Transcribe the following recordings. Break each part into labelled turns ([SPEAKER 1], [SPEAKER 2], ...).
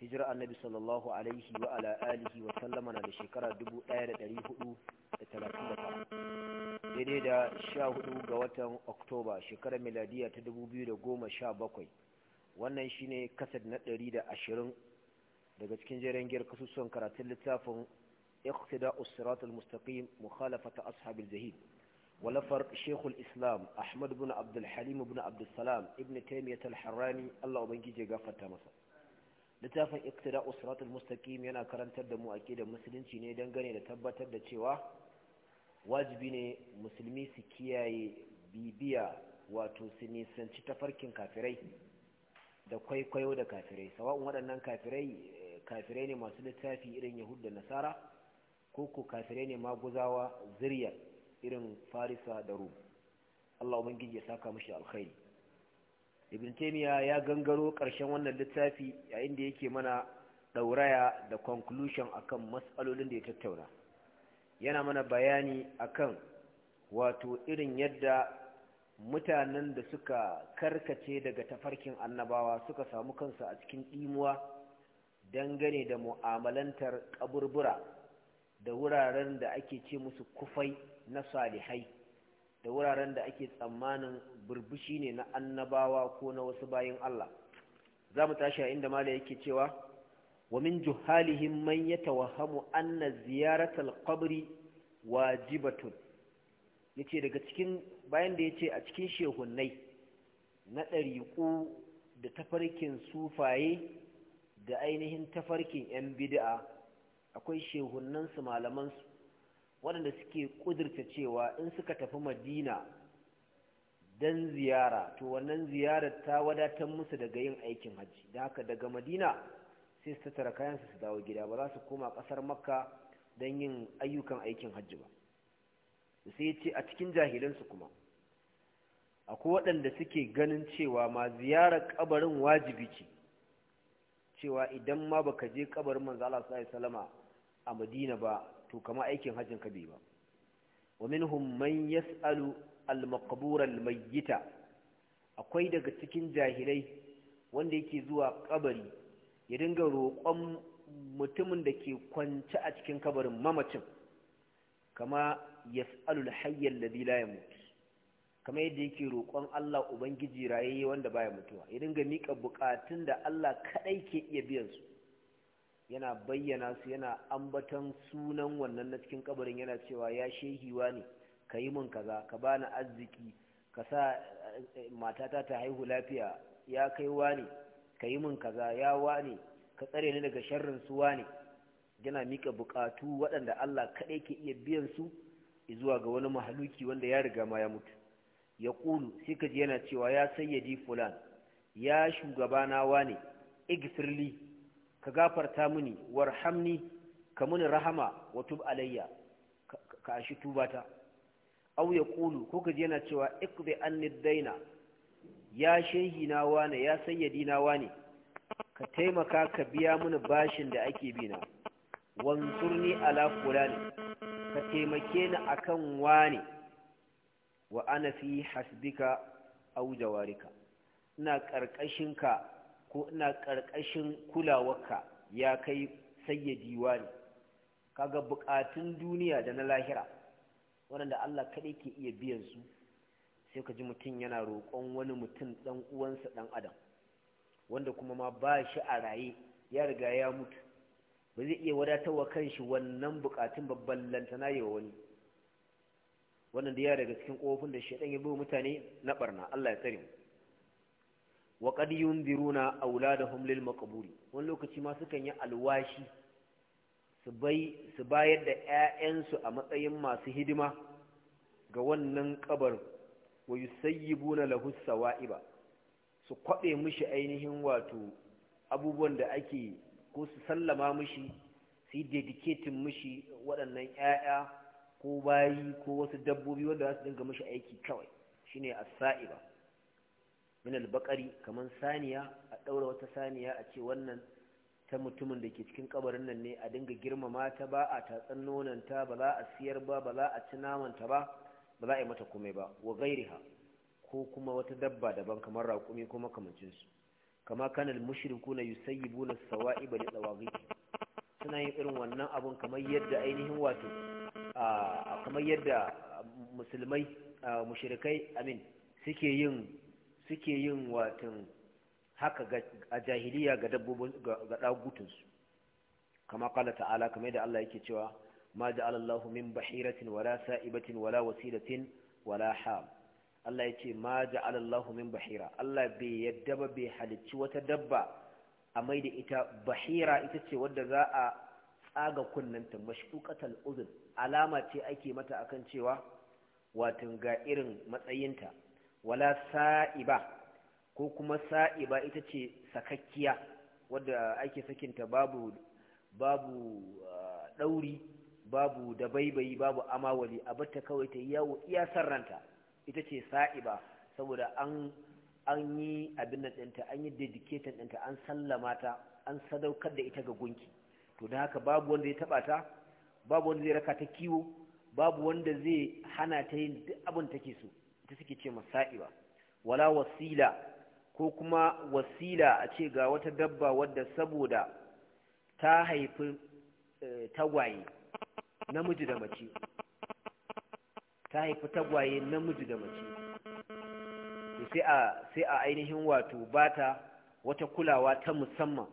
[SPEAKER 1] hijira annabi sallallahu alaihi wa ala alihi wa sallama na da shekara 1439 daidai da 14 ga watan oktoba shekarar miladiya ta 2017 wannan shine kasad na 120 daga cikin jerin giyar kasusuwan karatun littafin iqtida usirat al-mustaqim mukhalafata ashabil zahid walafar shekul islam ahmad bin abdulhalim bin salam ibn taimiyat al-harrani allah ubangiji gafarta masa littafin iktida usratul mustaqim yana karantar da mu da musulunci ne dangane da tabbatar da cewa wajibi ne musulmi su kiyaye bibiya wato su nisanci tafarkin kafirai da kwaikwayo da kafirai sawa'un waɗannan kafirai kafirai ne masu littafi irin yahud da nasara ko ko kafirai ne maguzawa zirya irin farisa da rum Allah ubangiji ya saka mushi alkhairi ibn taymiya ya gangaro ƙarshen wannan littafi yayin da yake mana dauraya da conclusion akan matsalolin da ya tattauna yana mana bayani akan wato irin yadda mutanen da suka karkace daga tafarkin annabawa suka samu kansu a cikin ɗimuwa dangane da mu'amalantar kaburbura da wuraren da ake ce musu kufai na salihai da wuraren da ake tsammanin burbushi ne na annabawa ko na wasu bayin Allah za mu tashi a inda mala yake cewa wa min juhalihim man yatawahhamu anna ziyaratal qabri wajibatun yace daga cikin bayan da yace a cikin shehunnai na ɗariƙu da tafarkin sufaye da ainihin tafarkin 'yan bid'a akwai shehunnansu malamansu waɗanda suke ƙudurta cewa in suka tafi madina don ziyara to wannan ziyarar ta wadatar musu daga yin aikin hajji da haka daga madina sai su tattara kayansu su dawo gida ba za su koma ƙasar makka don yin ayyukan aikin hajji ba sai ce a cikin jahilansu kuma akwai waɗanda suke ganin cewa ma ziyarar kabarin wajibi ce cewa idan ma baka je kabarin manzo Allah sallallahu alaihi wasallama a Madina ba to kama aikin hajjin ka bai ba wa minhum man yas'alu al-maqbur al-mayyita akwai daga cikin jahilai wanda yake zuwa kabari ya dinga roƙon mutumin da ke kwance a cikin kabarin mamacin kama yas'alu al-hayy alladhi la yamut kama yadda yake roƙon Allah ubangiji raye wanda baya mutuwa ya dinga miƙa bukatun da Allah kaɗai ke iya biyan su yana bayyana su yana ambatan sunan wannan na cikin kabarin yana cewa ya shehiwa ne ka yi min kaza ka ba ni arziki ka sa eh, eh, matata ta haihu lafiya ya kai ne ka yi min kaza ya ne ka tsare ni daga sharrin su ne yana mika bukatu waɗanda Allah kaɗai ke iya biyan su zuwa ga wani mahaluki wanda ya riga ma ya mutu ya ƙulu sai ka ji yana cewa ya sayyadi fulan ya shugabana wane igfirli ka gafarta mini warhamni ka muni rahama wa tub alayya ka ashi tubata aw qulu ko kaje yana cewa iqdi anni daina ya shehi na wane ya sayyadi na wane ka taimaka ka biya mini bashin da ake bina wansurni ala fulani ka taimake ni akan wane wa ana fi hasbika aw jawarika ina ka. ko ina ƙarƙashin kulawarka ya kai diwa ne kaga buƙatun duniya da na lahira waɗanda Allah kaɗai ke iya biyan su sai ka ji mutum yana roƙon wani mutum ɗan uwansa ɗan adam wanda kuma ma ba shi a raye ya riga ya mutu ba zai iya kan shi wannan buƙatun babban lantana ya wani wannan da ya daga cikin ƙofofin da shaɗan ya bi mutane na ɓarna Allah ya tsare mu wa qad yunziruna auladahum lil maqburi wani lokaci ma sukan yi alwashi su bai su bayar da ƴaƴansu a matsayin masu hidima ga wannan kabar wa yusayyibuna lahu sawa'iba su kwabe mishi ainihin wato abubuwan da ake ko su sallama mishi su yi dedicating mishi waɗannan ƴaƴa ko bayi ko wasu dabbobi wanda za su dinga mishi aiki kawai shine as-sa'iba min albakari, kaman saniya a daura wata saniya a ce wannan ta mutumin da ke cikin kabarin nan ne a dinga girmama ta ba a tatsan nonon ta ba za a siyar ba ba za a ci naman ta ba ba za a yi mata komai ba wa gairiha ko kuma wata dabba daban kamar raƙumi ko makamancin su kama kana mushrikuna yusayyibuna sawa'iba li tsawaghit suna yin irin wannan abun kamar yadda ainihin wato a kamar yadda musulmai mushrikai amin suke yin suke yin watan haka a jahiliya ga dabbobin ga dagutunsu kama kala ta'ala kamar da Allah yake cewa ma ja'ala Allahu min bahiratin wala sa'ibatin wala wasilatin wala ham Allah yace ma ja'ala Allahu min bahira Allah bai yadda ba bai halicci wata dabba a mai da ita bahira ita ce wadda za a tsaga ta mashquqatal uzun alama ce ake mata akan cewa watan ga irin matsayinta wala sa'iba ko kuma sa'iba ita ce sakakkiya wadda ake sakinta babu babu ah, ɗauri babu dabaibayi babu amawali a bata kawai ta yawo iya ranta ita ce sa'iba saboda an an yi abin nan ɗinta an yi dedicated ɗinta an sallama ta an sadaukar da ita ga gunki to da haka babu wanda ya taɓa ta babu wanda zai raka ta kiwo babu wanda zai hana ta yin duk abin take so ita suke ce masa'iba wala wasila ko kuma wasila a ce ga wata dabba wadda saboda ta haifi eh, tagwaye namiji da mace ta haifi tagwaye namiji da mace sai a sai a ainihin wato bata wata kulawa ta musamman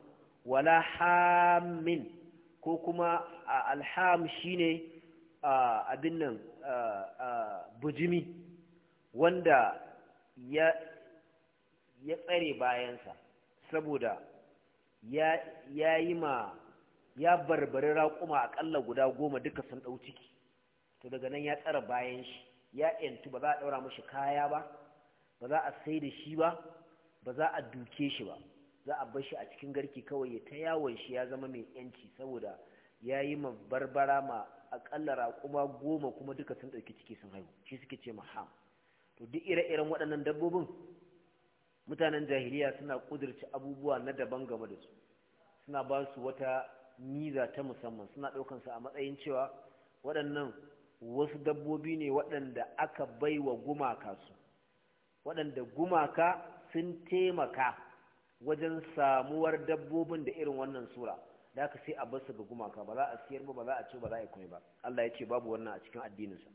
[SPEAKER 1] wala hamin ko kuma alham shine abin nan bujimi wanda ya ya tsare bayansa saboda ya yi ma ya barbari raƙuma aƙalla guda goma duka sun ɗau ciki to daga nan ya tsara bayan shi ya ƴantu ba za a ɗaura mashi kaya ba ba za a sai da shi ba ba za a duke shi ba za a bar shi a cikin garki kawai ya ta yawon shi ya zama mai ƴanci saboda ya yi ma barbara ma aƙalla raƙuma goma kuma duka sun ɗauki ciki sun haihu shi suke ce ma ham duk ire-iren waɗannan dabbobin mutanen jahiliya suna ƙudurci abubuwa na daban game da su suna ba su wata niza ta musamman suna ɗaukansu a matsayin cewa waɗannan wasu dabbobi ne waɗanda aka bai wa gumaka su waɗanda gumaka sun taimaka wajen samuwar dabbobin da irin wannan sura da aka sai a basu ga gumaka ba za a siyar ba ba za a ce, ba za a yi kuma ba Allah ya ce babu wannan a cikin addininsa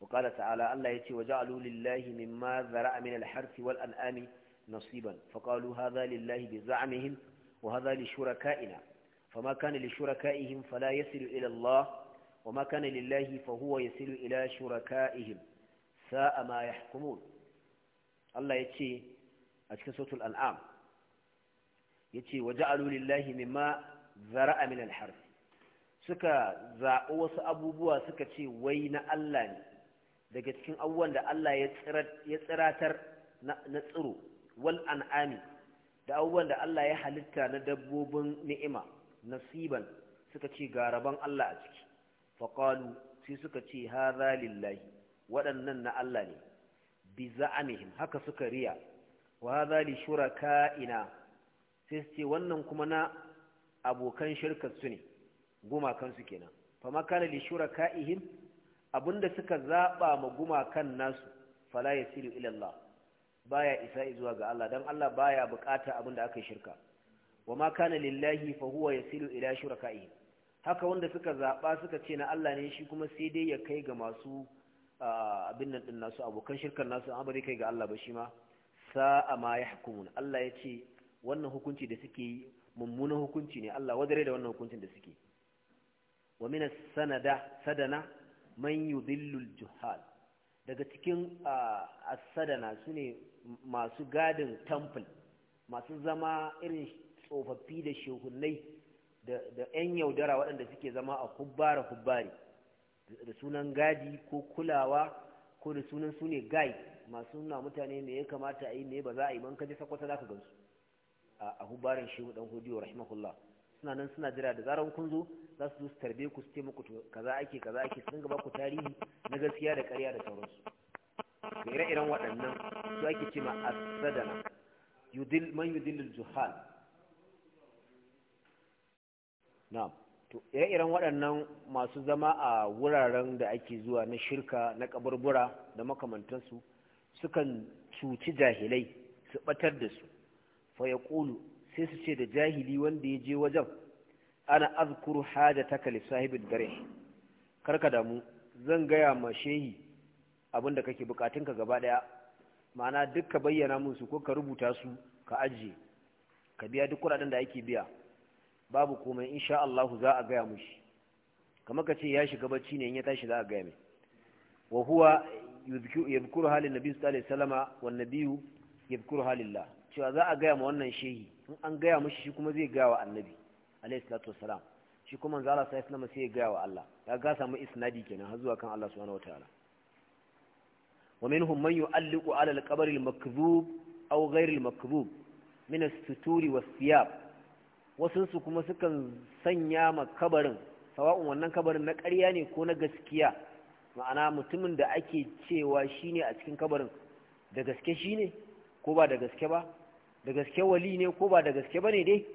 [SPEAKER 1] وقال تعالى الله يتي وجعلوا لله مما ذرأ من الحرث والأنآم نصيبا فقالوا هذا لله بزعمهم وهذا لشركائنا فما كان لشركائهم فلا يصل إلى الله وما كان لله فهو يصل إلى شركائهم ساء ما يحكمون الله يتي أتكسوة الأنعام يتي وجعلوا لله مما ذرأ من الحرث suka zaɓi wasu abubuwa suka ce wai na Allah ne daga cikin abubuwan da Allah ya tsiratar na tsiro wal an'ami da abubuwan da Allah ya halitta na dabbobin ni'ima nasiban suka ce ga Allah a ciki faƙalu sai suka ce haza lillahi waɗannan na Allah ne bi za'amihim haka suka riya wa haza li shuraka'ina sai su ce wannan kuma na abokan shirkar su ne gumakan su kenan fa makana li shuraka'ihim abinda suka zaba ma gumakan nasu fala yasiru ila Allah baya isa zuwa ga Allah dan Allah baya bukata abinda aka shirka wama kana lillahi fa huwa yasiru ila shuraka'i haka wanda suka zaba suka ce na Allah ne shi kuma sai dai ya kai ga masu abin nan din nasu abokan shirkan nasu amma bai kai ga Allah ba shi ma sa'a ma yahkumun Allah ya ce wannan hukunci da suke yi mummunan hukunci ne Allah wadare da wannan hukuncin da suke wa minas sanada sadana man yudillul juhal daga cikin asadana su ne masu gadin temple masu zama irin tsofaffi da shehunai da 'yan yaudara waɗanda suke zama a kubbara kubbari da sunan gadi ko kulawa ko da sunan su ne gai masu nuna mutane ne ya kamata a yi ne ba za a yi man kaji sakwata za ka gansu a kubbarin shehu dan hudiyo rahimahullah suna nan suna jira da zarar kun zo za su su tarbe ku su ce muku kaza ake kaza ake sun gaba ku tarihi na gaskiya da ƙarya da sauransu da ire-iren waɗannan su ake ce ma na man yudillul juhal na to ire-iren waɗannan masu zama a wuraren da ake zuwa na shirka na kaburbura da makamantansu sukan cuci jahilai su ɓatar da su fa ya sai su ce da jahili wanda ya je wajen ana azkuru hajataka li dare. Kar karka damu zan gaya ma shehi abinda kake ka gaba daya ma'ana duk ka bayyana musu ko ka rubuta su ka ajiye ka biya duk kuɗaɗen da ake biya babu komai insha Allah za a gaya mushi kamar ka ce ya shiga bacci ne in ya tashi za a gaya mai wa huwa yadhkuru halin nabi sallallahu alaihi wasallama wan nabiyu yadhkuru halillah cewa za a gaya ma wannan shehi in an gaya mushi shi kuma zai gaya wa annabi alayhi salatu wassalam shi kuma manzo Allah sai alaihi sai ya gaya wa Allah ya ga samu isnadi kenan har zuwa kan Allah subhanahu wataala wa minhum man yu'alliqu ala al-qabr al-makdhub aw ghayr al-makdhub min as-suturi was-siyab wasu su kuma sukan sanya ma kabarin sawa'un wannan kabarin na ƙarya ne ko na gaskiya ma'ana mutumin da ake cewa shine a cikin kabarin da gaske shine ko ba da gaske ba da gaske wali ne ko ba da gaske bane dai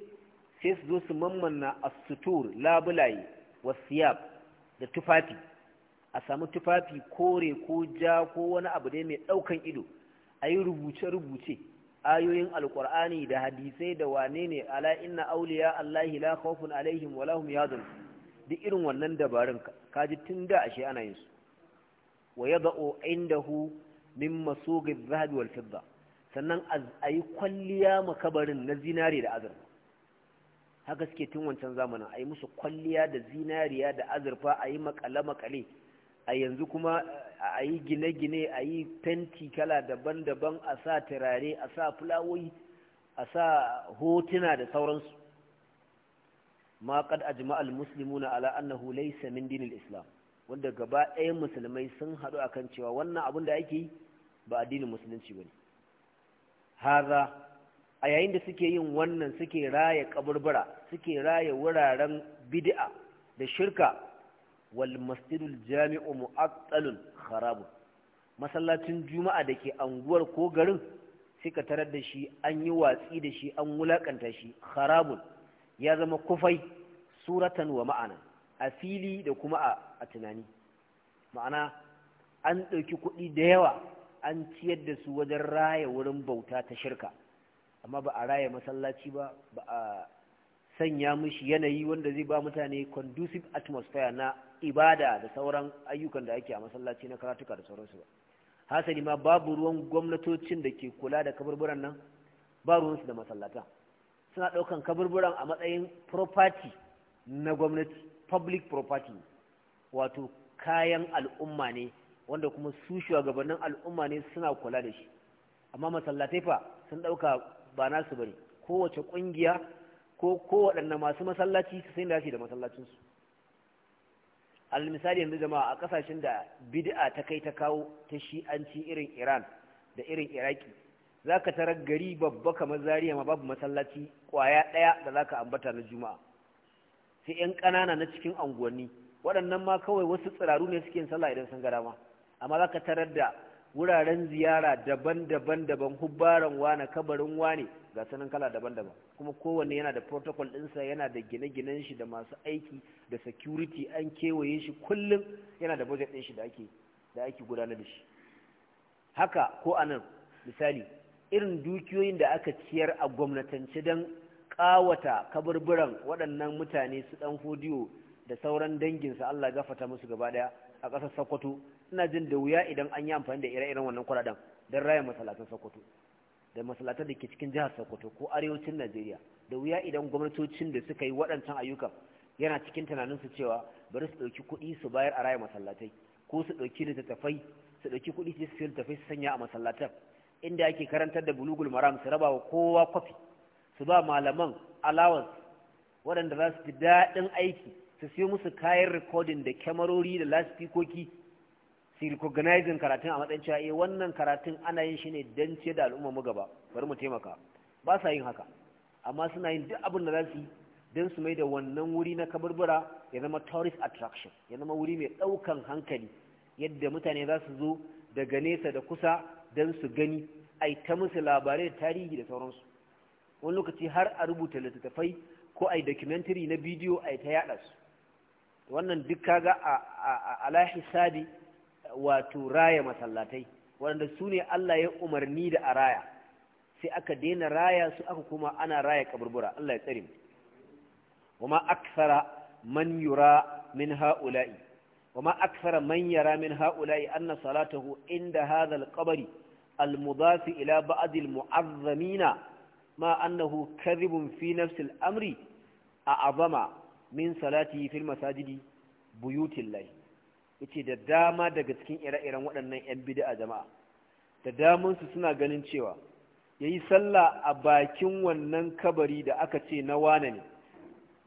[SPEAKER 1] sai su zo su mammanna a sutur labulaye wasiyab da tufafi a sami tufafi kore ko ja ko wani abu dai mai ɗaukan ido a yi rubuce-rubuce ayoyin alkur'ani da hadisai da wane ne ala inna auliya allahi la khawfun alaihim wa lahum yadun duk irin wannan dabarun kaji tun da ashe ana yin su wa yada'u indahu min masughi adh wal fidda sannan ayi kwalliya makabarin na zinare da azurfa haka suke tun wancan zamanin a yi musu kwalliya da zinariya da azurfa a yi makale-makale a yanzu kuma a yi gine-gine a yi fenti kala daban-daban a sa turare a sa fulawoyi a sa hotuna da sauransu ma kad ajma'al muslimuna ala annahu laysa min dinil islam wanda gaba ɗayan musulmai sun haɗu akan cewa wannan abin da ake yi ba addinin musulunci bane haza a yayin da suke yin wannan suke raya kaburbura suke raya wuraren bid'a da shirka wal masjidul jami'u mu'attalun kharabu masallacin juma'a da ke anguwar ko garin suka tarar da shi an yi watsi da shi an wulakanta shi kharabun ya zama kufai suratan wa ma'ana a fili da kuma a tunani ma'ana an ɗauki kuɗi da yawa an ciyar da su wajen raya wurin bauta ta shirka amma ba a raya masallaci ba ba a sanya mishi yanayi wanda zai ba mutane conducive atmosphere na ibada da sauran ayyukan da ake a masallaci na karatuka da sauransu ba hasali ma babu ruwan gwamnatocin da ke kula da kaburburan nan ba ruwansu da masallata suna ɗaukan kaburburan a matsayin property na gwamnati public property wato kayan al'umma ne wanda kuma su shugabannin al'umma ne suna kula da shi amma masallatai fa sun ɗauka ba nasu bane kowace kungiya ko kowaɗanne masu masallaci su sai da shi da masallacinsu alal misali yanzu jama'a a kasashen da bid'a ta kai ta kawo ta shi'anci irin iran da irin iraki za ka tarar gari babba kamar zariya ma babu masallaci kwaya ɗaya da za ka ambata na juma'a sai 'yan ƙanana na cikin anguwanni waɗannan ma kawai wasu tsiraru ne suke yin sallah idan sun ga dama amma za ka tarar da wuraren ziyara daban-daban daban hubbaran wane kabarin wane ga sanin kala daban-daban kuma kowanne yana da protocol ɗinsa yana da gine-ginen shi da masu aiki da security an kewaye shi kullum yana da budget ɗin shi da ake gudanar da shi haka ko a nan misali irin dukiyoyin da aka ciyar a gwamnatance don ƙawata kaburburan waɗannan mutane su ɗan fodiyo da sauran danginsa Allah gafata musu gaba ɗaya a ƙasar Sokoto ina jin da wuya idan an yi amfani da ire-iren wannan kwaladan don raya masalatan sokoto da masalatan da ke cikin jihar sokoto ko arewacin najeriya da wuya idan gwamnatocin da suka yi waɗancan ayyukan yana cikin tunaninsu cewa bari su ɗauki kuɗi su bayar a raya masallatai ko su ɗauki littattafai su ɗauki kuɗi su siyo littattafai su sanya a masallatan inda ake karantar da bulugul maram su raba wa kowa kwafi su ba malaman alawas waɗanda za su ji daɗin aiki su siyo musu kayan rikodin da kyamarori da lasifikoki su recognizing karatun a matsayin cewa eh wannan karatun ana yin shi ne don ce da al'umma mu gaba bari mu taimaka ba sa yin haka amma suna yin duk abin da za su yi don su mai da wannan wuri na kaburbura ya zama tourist attraction ya zama wuri mai ɗaukan hankali yadda mutane za su zo daga nesa da kusa don su gani ai ta musu labarai da tarihi da sauransu wani lokaci har a rubuta littattafai ko a yi documentary na bidiyo ai ta yada su wannan duk kaga a ala hisabi wato raya masallatai waɗanda su ne Allah ya umarni da a raya sai aka daina raya su aka kuma ana raya kaburbura Allah ya tsare mu wama aksara man yura min ha'ula'i wama aksara man yara min ha'ula'i anna salatahu inda hadha al almudafi ila ba'd muazzamina ma annahu kadhibun fi nafsi al-amri a'azama min salati fil masajidi buyutillahi yace da dama daga cikin ire-iren waɗannan yan bid'a jama'a da damansu suna ganin cewa ya yi sallah a bakin wannan kabari da aka ce na wane ne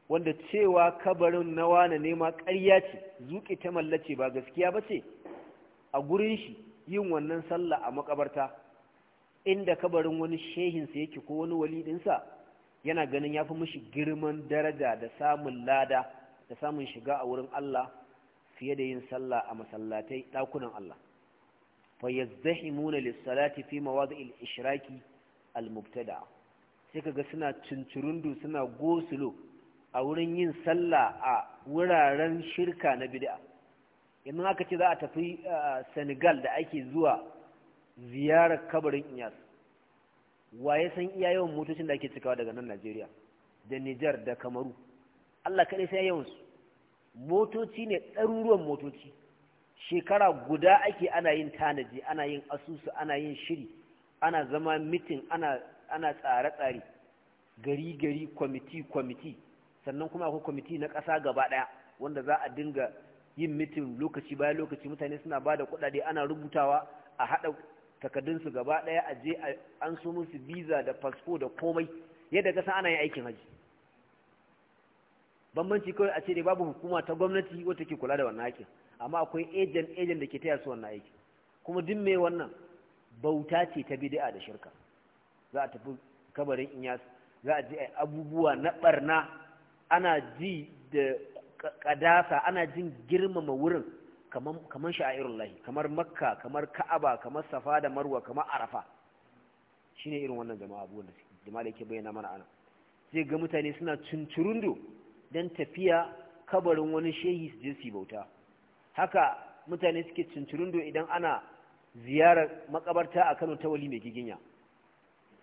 [SPEAKER 1] wanda cewa kabarin na wane ne ma ƙarya ce zuƙi ta mallace ba gaskiya ba ce a gurin shi yin wannan sallah a makabarta inda kabarin wani shehinsa yake ko wani walidinsa yana ganin ya fi mushi girman daraja da samun lada da samun shiga a wurin Allah fiye da yin sallah a masallatai ɗakunan Allah fa yazdahimuna lis-salati fi mawadi'il ishraki al-mubtada sai kaga suna cincirundu suna gosulo a wurin yin sallah a wuraren shirka na bid'a idan aka ce za a tafi Senegal da ake zuwa ziyarar kabarin Iyas waye san iya yawan motocin da ake cikawa daga nan Najeriya da Niger da Kamaru Allah kaɗai sai yawansu motoci ne ɗaruruwan motoci shekara guda ake ana yin tanaji ana yin asusu ana yin shiri ana zama mitin ana tsare-tsare gari-gari kwamiti-kwamiti sannan kuma akwai kwamiti na ƙasa gaba ɗaya wanda za a dinga yin mitin lokaci bayan lokaci mutane suna ba da kuɗaɗe ana rubutawa a haɗa takardunsu gaba ɗaya a je an so musu biza da fasfo da komai yadda kasa ana yin aikin haji bambanci kawai a ce dai babu hukuma ta gwamnati wata ke kula da wannan aikin amma akwai ejen ejen da ke taya su wannan aikin kuma duk mai wannan bauta ce ta bid'a da shirka za a tafi kabarin inyas za a ji abubuwa na barna ana ji da kadasa ana jin girmama wurin kamar lahi kamar makka kamar ka'aba kamar safa da marwa kamar arafa shine irin wannan jama'a abubuwan da jama'a da yake bayyana mana ana Sai ga mutane suna cincirundo don tafiya kabarin wani shehi su je su bauta haka mutane suke cincirindo idan ana ziyarar makabarta a kano ta wali mai giginya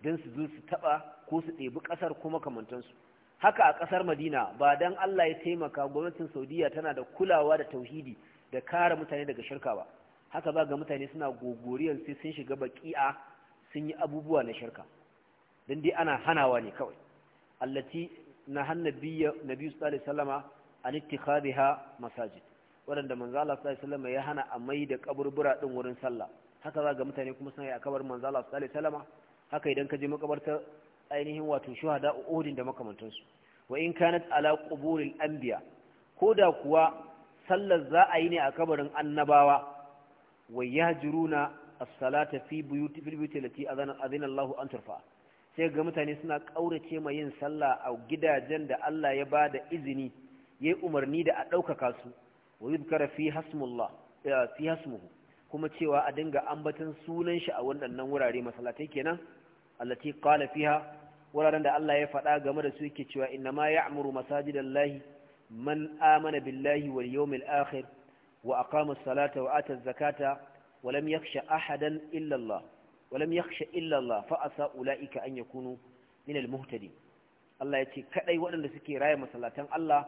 [SPEAKER 1] don su zo su taba ko su ɗebi ƙasar ko makamantansu haka a ƙasar madina ba don allah ya taimaka gwamnatin saudiya tana da kulawa da tauhidi da kare mutane daga shirka ba haka ba ga mutane suna gogoriyar sai sun shiga baki'a sun yi abubuwa na shirka don dai ana hanawa ne kawai allati na nabiyyu nabiyyu sallallahu alaihi wasallama an ittikhadha masajid wanda manzo Allah sallallahu alaihi wasallama ya hana a mai da kaburbura din wurin sallah haka za ga mutane kuma suna yi a kabarin manzo Allah sallallahu alaihi wasallama haka idan ka je makabarta ainihin wato shuhada uhudin da makamantansu wa in kanat ala quburil anbiya koda kuwa sallar za a yi ne a kabarin annabawa wa ya as-salata fi buyuti fil buyuti allati adana Allahu an turfa sai ga mutane suna ƙaurace ma yin sallah a gidajen da Allah ya ba da izini ya yi umarni da a ɗaukaka su wa yuzkara eh, fi hasmuhu kuma cewa a dinga ambaton sunan shi a waɗannan wurare masallatai kenan allati kala fiha wuraren da Allah ya faɗa game da su yake cewa inna ma ya'muru masajidallahi man amana billahi wal yawmil akhir wa aqama as-salata wa ata az-zakata wa lam yakhsha ahadan illa Allah walam yakhsha illa Allah fa asa ulaika an yakunu min al-muhtadin Allah yace kadai waɗanda suke raye masallatan Allah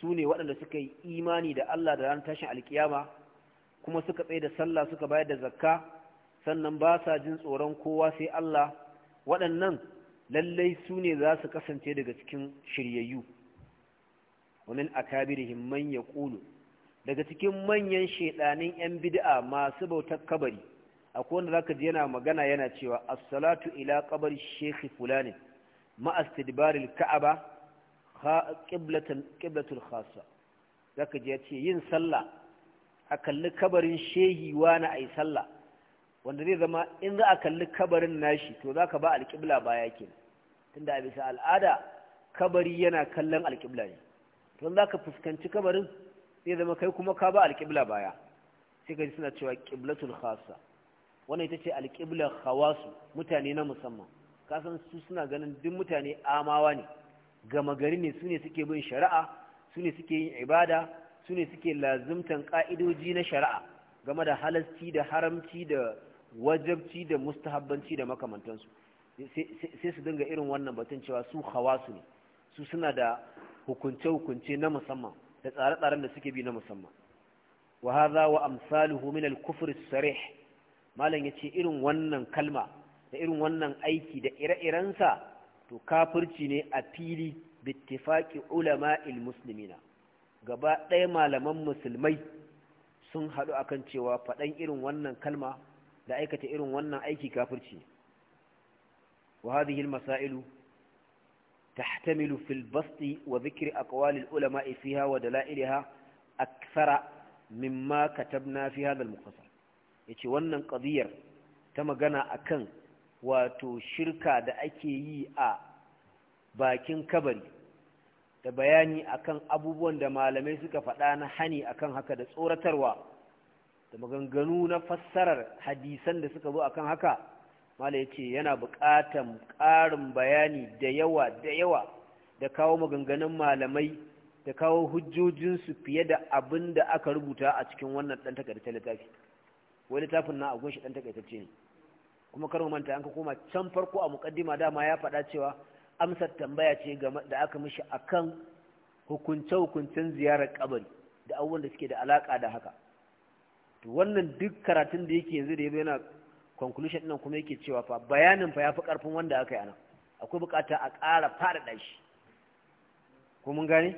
[SPEAKER 1] sune waɗanda suka yi imani da Allah da ran tashin alkiyama kuma suka tsaye da sallah suka bayar da zakka sannan ba sa jin tsoron kowa sai Allah waɗannan lallai sune za su kasance daga cikin shiryayyu wa min akabirihim man yaqulu daga cikin manyan shedanin yan bid'a masu bautar kabari akwai za zaka ji yana magana yana cewa as-salatu ila qabr shaykh fulani ma istidbar al-ka'aba qiblatan qiblatul khassa zaka ji yace yin sallah a kalli kabarin shehi wani ai sallah wanda zai zama in za a kalli kabarin nashi to ka ba al-qibla baya kenan tunda a bisa al'ada kabari yana kallon al-qibla ne don zaka fuskanci kabarin zai zama kai kuma ka ba al baya sai ka ji suna cewa ƙiblatul khassa wannan ita ce alƙiblar hawasu mutane na musamman kasan su suna ganin duk mutane amawa ne gama gari ne su ne suke bin shari'a su ne suke yin ibada su ne suke lazimtan ƙa'idoji na shari'a game da halasci da haramci da wajabci da mustahabbanci da makamantansu sai su dinga irin wannan batun cewa su hawasu ne su suna da hukunce-hukunce na musamman da tsare-tsaren da suke bi na musamman wa wa amsaluhu min sarih malam ya ce irin wannan kalma da irin wannan aiki da ire-irensa to kafirci ne a fili bittifaki ulama'il musulmina gaba ɗaya malaman musulmai sun haɗu akan cewa faɗan irin wannan kalma da aikata irin wannan aiki kafirci wa hadhihi masailu tahtamilu fil basti wa dhikri aqwali al-ulama'i fiha wa dalailha akthara mimma katabna fi hadha yace wannan qadiyar ta magana akan wato shirka da ake yi a bakin kabari da bayani akan abubuwan da malamai suka faɗa na hani akan haka da tsoratarwa da maganganu na fassarar hadisan da suka zo akan haka mala yace yana buƙatan ƙarin bayani da yawa da yawa da kawo maganganun malamai da kawo hujjojinsu fiye da abin da aka rubuta a cikin wannan ɗan takardar littafi wani tafin na agun shi dan takaitacce ne kuma kar manta an ka koma can farko a muqaddima dama ya faɗa cewa amsar tambaya ce da aka mishi akan hukunce hukuncen ziyarar kabari da abubuwan da suke da alaka da haka to wannan duk karatun da yake yanzu da yazo yana conclusion ɗin kuma yake cewa fa bayanin fa yafi karfin wanda aka yi anan akwai bukata a ƙara fara faɗaɗa shi ko mun gane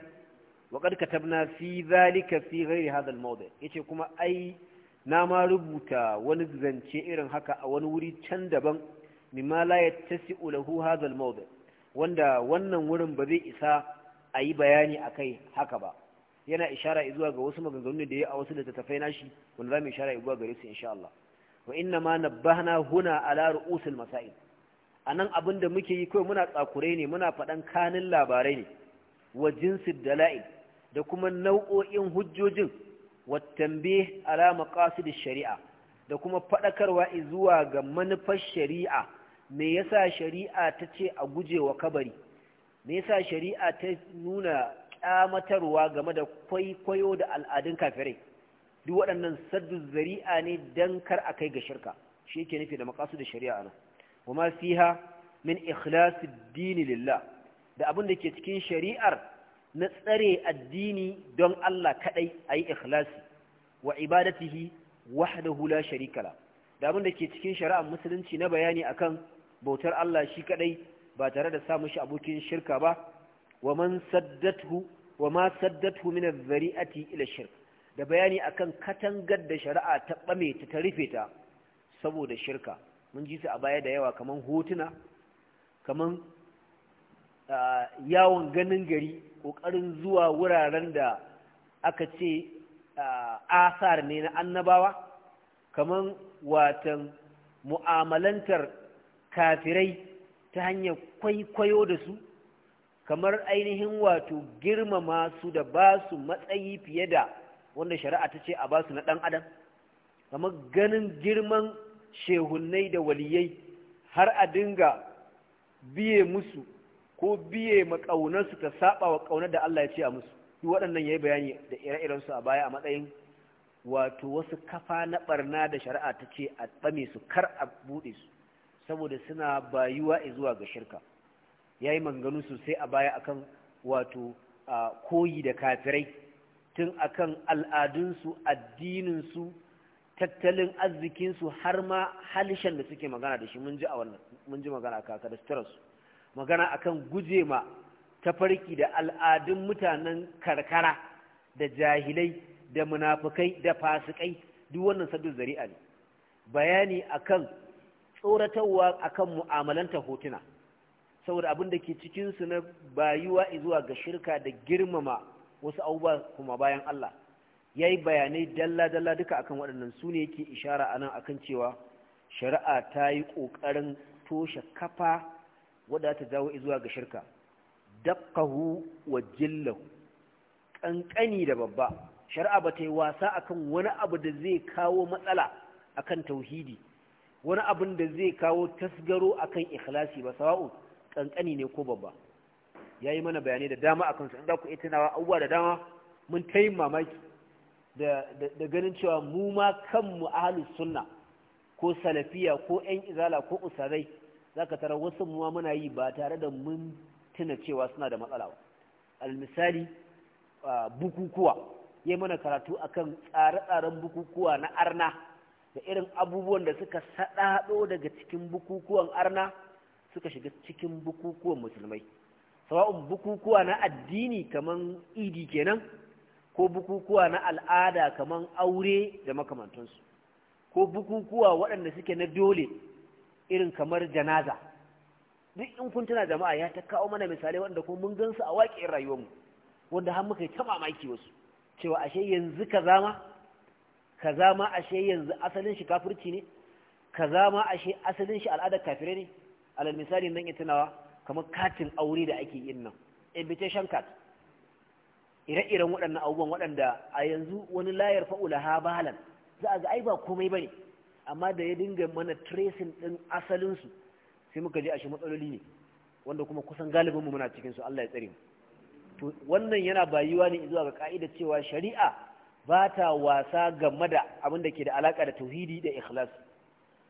[SPEAKER 1] kad katabna fi zalika fi ghairi hadha al-mawdi yace kuma ai na ma rubuta wani zance irin haka a wani wuri can daban mimma la yattasi'u lahu hadha al wanda wannan wurin ba zai isa a yi bayani kai haka ba yana ishara zuwa ga wasu maganganu da ya a wasu littattafai nashi wanda za mu ishara zuwa gare su insha Allah wa inna ma nabbahna huna ala ru'usil masail anan abinda muke yi kai muna tsakure ne muna fadan kanin labarai ne wa jinsid dala'il da kuma nau'o'in hujjojin wattambe ala maqasid shari'a da kuma fadakarwa zuwa ga manufar shari'a me yasa shari'a ta ce a wa kabari me yasa shari'a ta nuna kyamatarwa game da kwaikwayo da al'adun kafirai duk waɗannan saddu zari'a ne dan kar a kai ga shirka shi yake nufi da da shari'a nan Kuma fiha min ikhlasid Dini lillah da abin da ke cikin shari'ar na tsare addini don Allah a ayi ikhlasi wa ibadatihi wahdahu la sharikala la da abin da ke cikin shari'ar musulunci na bayani akan bautar Allah shi kaɗai, ba tare da samun shi abokin shirka ba wa man saddathu wa ma saddathu min adh-dhari'ati ila shirk da bayani akan katangar da shari'a ta bame ta ta rufe ta saboda shirka mun ji su a baya da yawa kaman hotuna kaman yawon ganin gari ƙoƙarin zuwa wuraren da aka ce asar ne na annabawa kamar watan mu'amalantar kafirai ta hanyar kwaikwayo da su kamar ainihin wato girmama su da ba su matsayi fiye da wanda shari'a ta ce a ba su na ɗan adam kamar ganin girman shehunnai da waliyai har a dinga biye musu ko biye ma su ta saba wa ƙaunar da Allah ya ce a musu duk waɗannan ya yi bayani da ire-iren su a baya a matsayin wato wasu kafa na barna da shari'a ta ce a tsame su kar a buɗe su saboda suna bayuwa zuwa ga shirka ya yi manganu sosai a baya akan wato koyi da kafirai tun akan al'adunsu addininsu tattalin arzikinsu har ma halishan da suke magana da shi mun ji magana kaka da suturarsu magana akan guje ma tafarki da al'adun mutanen karkara da jahilai da munafukai da fasikai duk wannan sabbin zari'a ne bayani akan tsoratarwa akan mu'amalanta hotuna saboda abin da ke cikinsu na bayuwa zuwa ga shirka da girmama wasu abubuwa kuma bayan Allah ya yi bayanai dalla-dalla duka akan waɗannan su ne yake ishara anan akan cewa shari'a ta yi ƙoƙarin toshe kafa wadda ta jawo zuwa ga shirka daqqahu wa jillahu kankani da babba shari'a ba ta yi wasa akan wani abu da zai kawo matsala akan tauhidi wani abin da zai kawo tasgaro akan ikhlasi ba sawa'u kankani ne ko babba yayi mana bayanai da dama akan su inda ku tunawa abubuwa da dama mun ta yin mamaki da ganin cewa mu ma kanmu ahlus sunna ko salafiya ko yan izala ko usarai za ka tara wasu muwa muna yi ba tare da mun tuna cewa suna da matsala ba misali bukukuwa ya mana karatu akan tsare-tsaren bukukuwa na arna da irin abubuwan da suka saɗaɗo daga cikin bukukuwan arna suka shiga cikin bukukuwan musulmai sawa'un bukukuwa na addini kaman idi kenan ko bukukuwa na al'ada kaman aure da makamantansu ko bukukuwa waɗanda suke na dole irin kamar janaza duk in kun tana jama'a ya ta kawo mana misalai wanda kuma mun gansu a waƙin rayuwarmu wanda har muka yi ta mamaki wasu cewa ashe yanzu ka zama ka zama ashe yanzu asalin shi kafirci ne ka zama ashe asalin shi al'adar kafirai ne alal misali nan ya tunawa kamar katin aure da ake yin nan invitation card ire-iren waɗannan abubuwan waɗanda a yanzu wani layar fa'ula ha bahalan za a ga ai ba komai bane amma da ya dinga mana tracing ɗin asalinsu sai muka ji shi matsaloli ne wanda kuma kusan galibin mu muna cikinsu, su Allah ya tsare mu to wannan yana bayuwa ne zuwa ga ka'idar cewa shari'a ba ta wasa game da abin da ke da alaka da tauhidi da ikhlas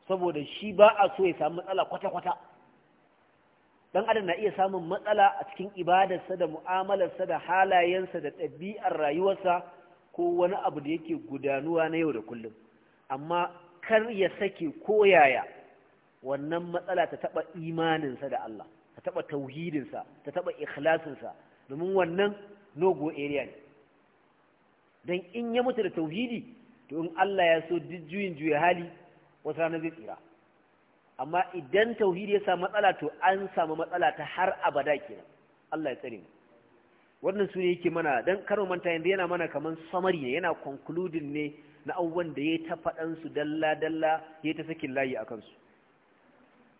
[SPEAKER 1] saboda shi ba a so ya samu matsala kwata-kwata dan adam na iya samun matsala a cikin ibadarsa da mu'amalarsa da halayensa da ɗabi'ar rayuwarsa ko wani abu da yake gudanuwa na yau da kullum amma kar ya sake koyaya wannan matsala ta taɓa imaninsa da Allah ta taɓa tauhidinsa ta taɓa ikhlasinsa domin wannan nogo area ne don in ya mutu da tauhidi to in Allah ya so duk juya hali wata rana zai tsira amma idan tauhidi ya samu matsala to an samu matsala ta har abada kenan Allah ya tsare mu wannan su ne yake mana dan karo manta yanzu yana mana kaman samari ne yana concluding ne na abubuwan da ya ta faɗansu dalla-dalla ya ta sakin layi a kansu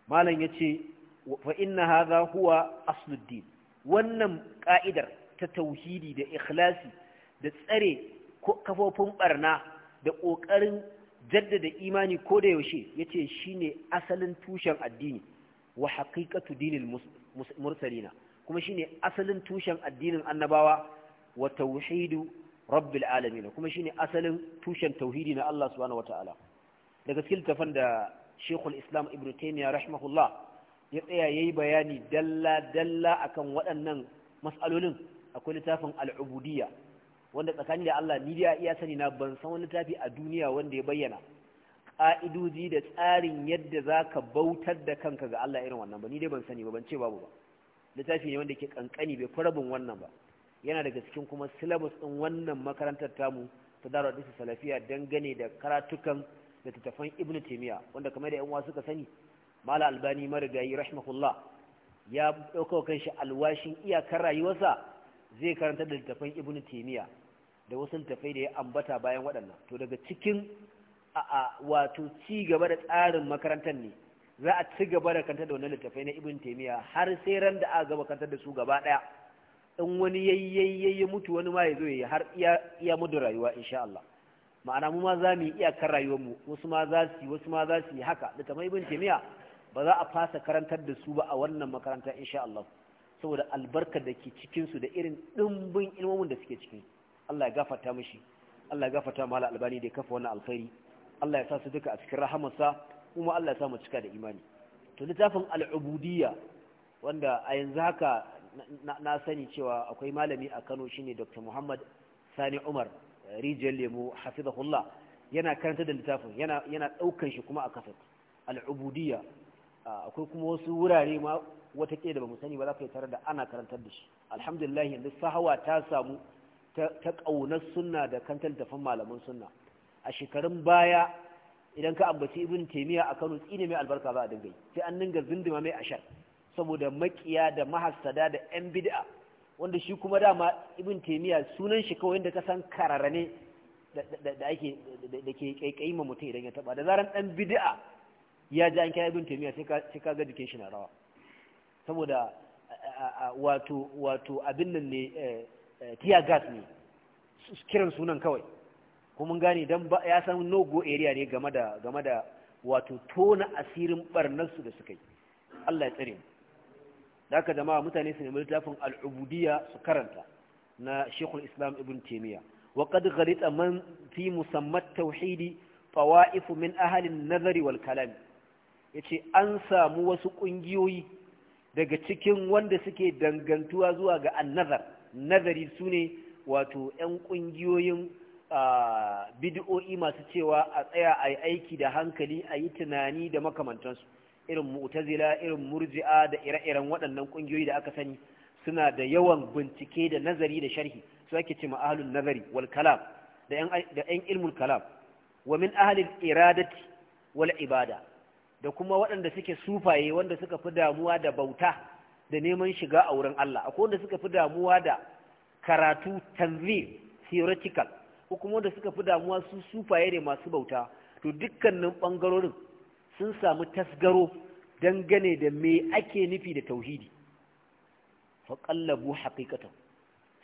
[SPEAKER 1] malam ya ce fa inna haza huwa asluddin wannan ka'idar ta tauhidi da ikhlasi da tsare kafofin barna da ƙoƙarin jaddada imani ko da yaushe ya ce shi ne asalin tushen addini wa haƙiƙatu dinin mursalina kuma shi ne asalin tushen addinin annabawa wa tauhidu rabbil alamin kuma shine asalin tushen tauhidi na Allah subhanahu wataala daga cikin tafan da Sheikhul Islam Ibn Taymiyyah rahimahullah ya tsaya yayi bayani dalla dalla akan waɗannan mas'alolin akwai littafin al-ubudiyya wanda tsakanin da Allah ni da iya sani na ban san wani littafi a duniya wanda ya bayyana ka'idoji da tsarin yadda zaka bautar da kanka ga Allah irin wannan ba ni dai ban sani ba ban ce babu ba littafi ne wanda ke kankani bai fi rabin wannan ba yana daga cikin kuma syllabus din wannan makarantar tamu ta darar da salafiya dangane da karatukan da tattafan ibn taimiyya wanda kamar da yan uwa suka sani mala albani marigayi rahimahullah ya ɗauka shi alwashin iyakar rayuwarsa zai karanta da littafan ibn taimiyya da wasu littattafai da ya ambata bayan waɗannan to daga cikin a wato ci gaba da tsarin makarantar ne za a ci gaba da kanta da wannan littafai na ibn taimiyya har sai ran da aka gaba kantar da su gaba ɗaya in wani yayyayye ya mutu wani ma ya zo ya har iya mudu rayuwa insha Allah ma'ana mu ma za mu yi iyakar rayuwar mu wasu ma za su wasu ma za su haka da tamai ibn miya ba za a fasa karantar da su ba a wannan makaranta insha Allah saboda albarkar da ke cikin su da irin dimbin ilmomin da suke cikin Allah ya gafarta mishi Allah ya gafarta mala albani da ya kafa wannan alkhairi Allah ya sa su duka a cikin rahamarsa kuma Allah ya sa mu cika da imani to littafin al-ubudiyya wanda a yanzu haka na sani cewa akwai malami a Kano shine Dr. Muhammad Sani Umar eh, Lemu, Lemo Hafizahullah yana karanta da littafin yana yana daukan shi kuma a kasat al akwai kuma wasu wurare ma wata ke da bamu sani ba za ka yi tare da ana karantar da shi alhamdulillah yanzu sahawa ta samu ta kaunar sunna da kantar tafan malaman sunna a shekarun baya idan ka ambaci ibn taymiya a Kano tsine mai albarka za a dinga yi sai an dinga zindima mai ashar saboda makiya da mahassada da yan bid'a wanda shi kuma dama ibn taymiya sunan shi kawai da kasan karara ne da ake da ke kaikai ma mutum idan ya taba da zaran ɗan bid'a ya ji an kya ibn taymiya sai ka ga jikin shi na rawa saboda wato abin nan ne eh, eh, tiya gas ne kiran sunan kawai kuma gane dan ya san no go area ne game da game wato tona asirin barnar su da suka yi Allah ya tsare mu haka jama'a mutane su nemi littafin al'ubudiyya su karanta na shekul islam ibn taimiyya wa kad ghalita man fi musammat tauhidi fawaifu min ahalin nazari wal kalami yace an samu wasu kungiyoyi daga cikin wanda suke dangantuwa zuwa ga annazar nazari sune wato yan kungiyoyin bid'o'i masu cewa a tsaya a aiki da hankali a yi tunani da makamantansu irin mu'tazila irin murji'a da ire-iren waɗannan ƙungiyoyi da aka sani suna da yawan bincike da nazari da sharhi su ake ce ahlun nazari wal kalam da yan ilmul kalam wa min ahalin iradati wal ibada da kuma waɗanda suke sufaye wanda suka fi damuwa da bauta da neman shiga a wurin Allah akwai wanda suka fi damuwa da karatu tanzir theoretical ko kuma wanda suka fi damuwa su sufaye ne masu bauta to dukkanin ɓangarorin sun samu tasgaro dangane da me ake nufi da tauhidi faƙallabu haƙiƙatan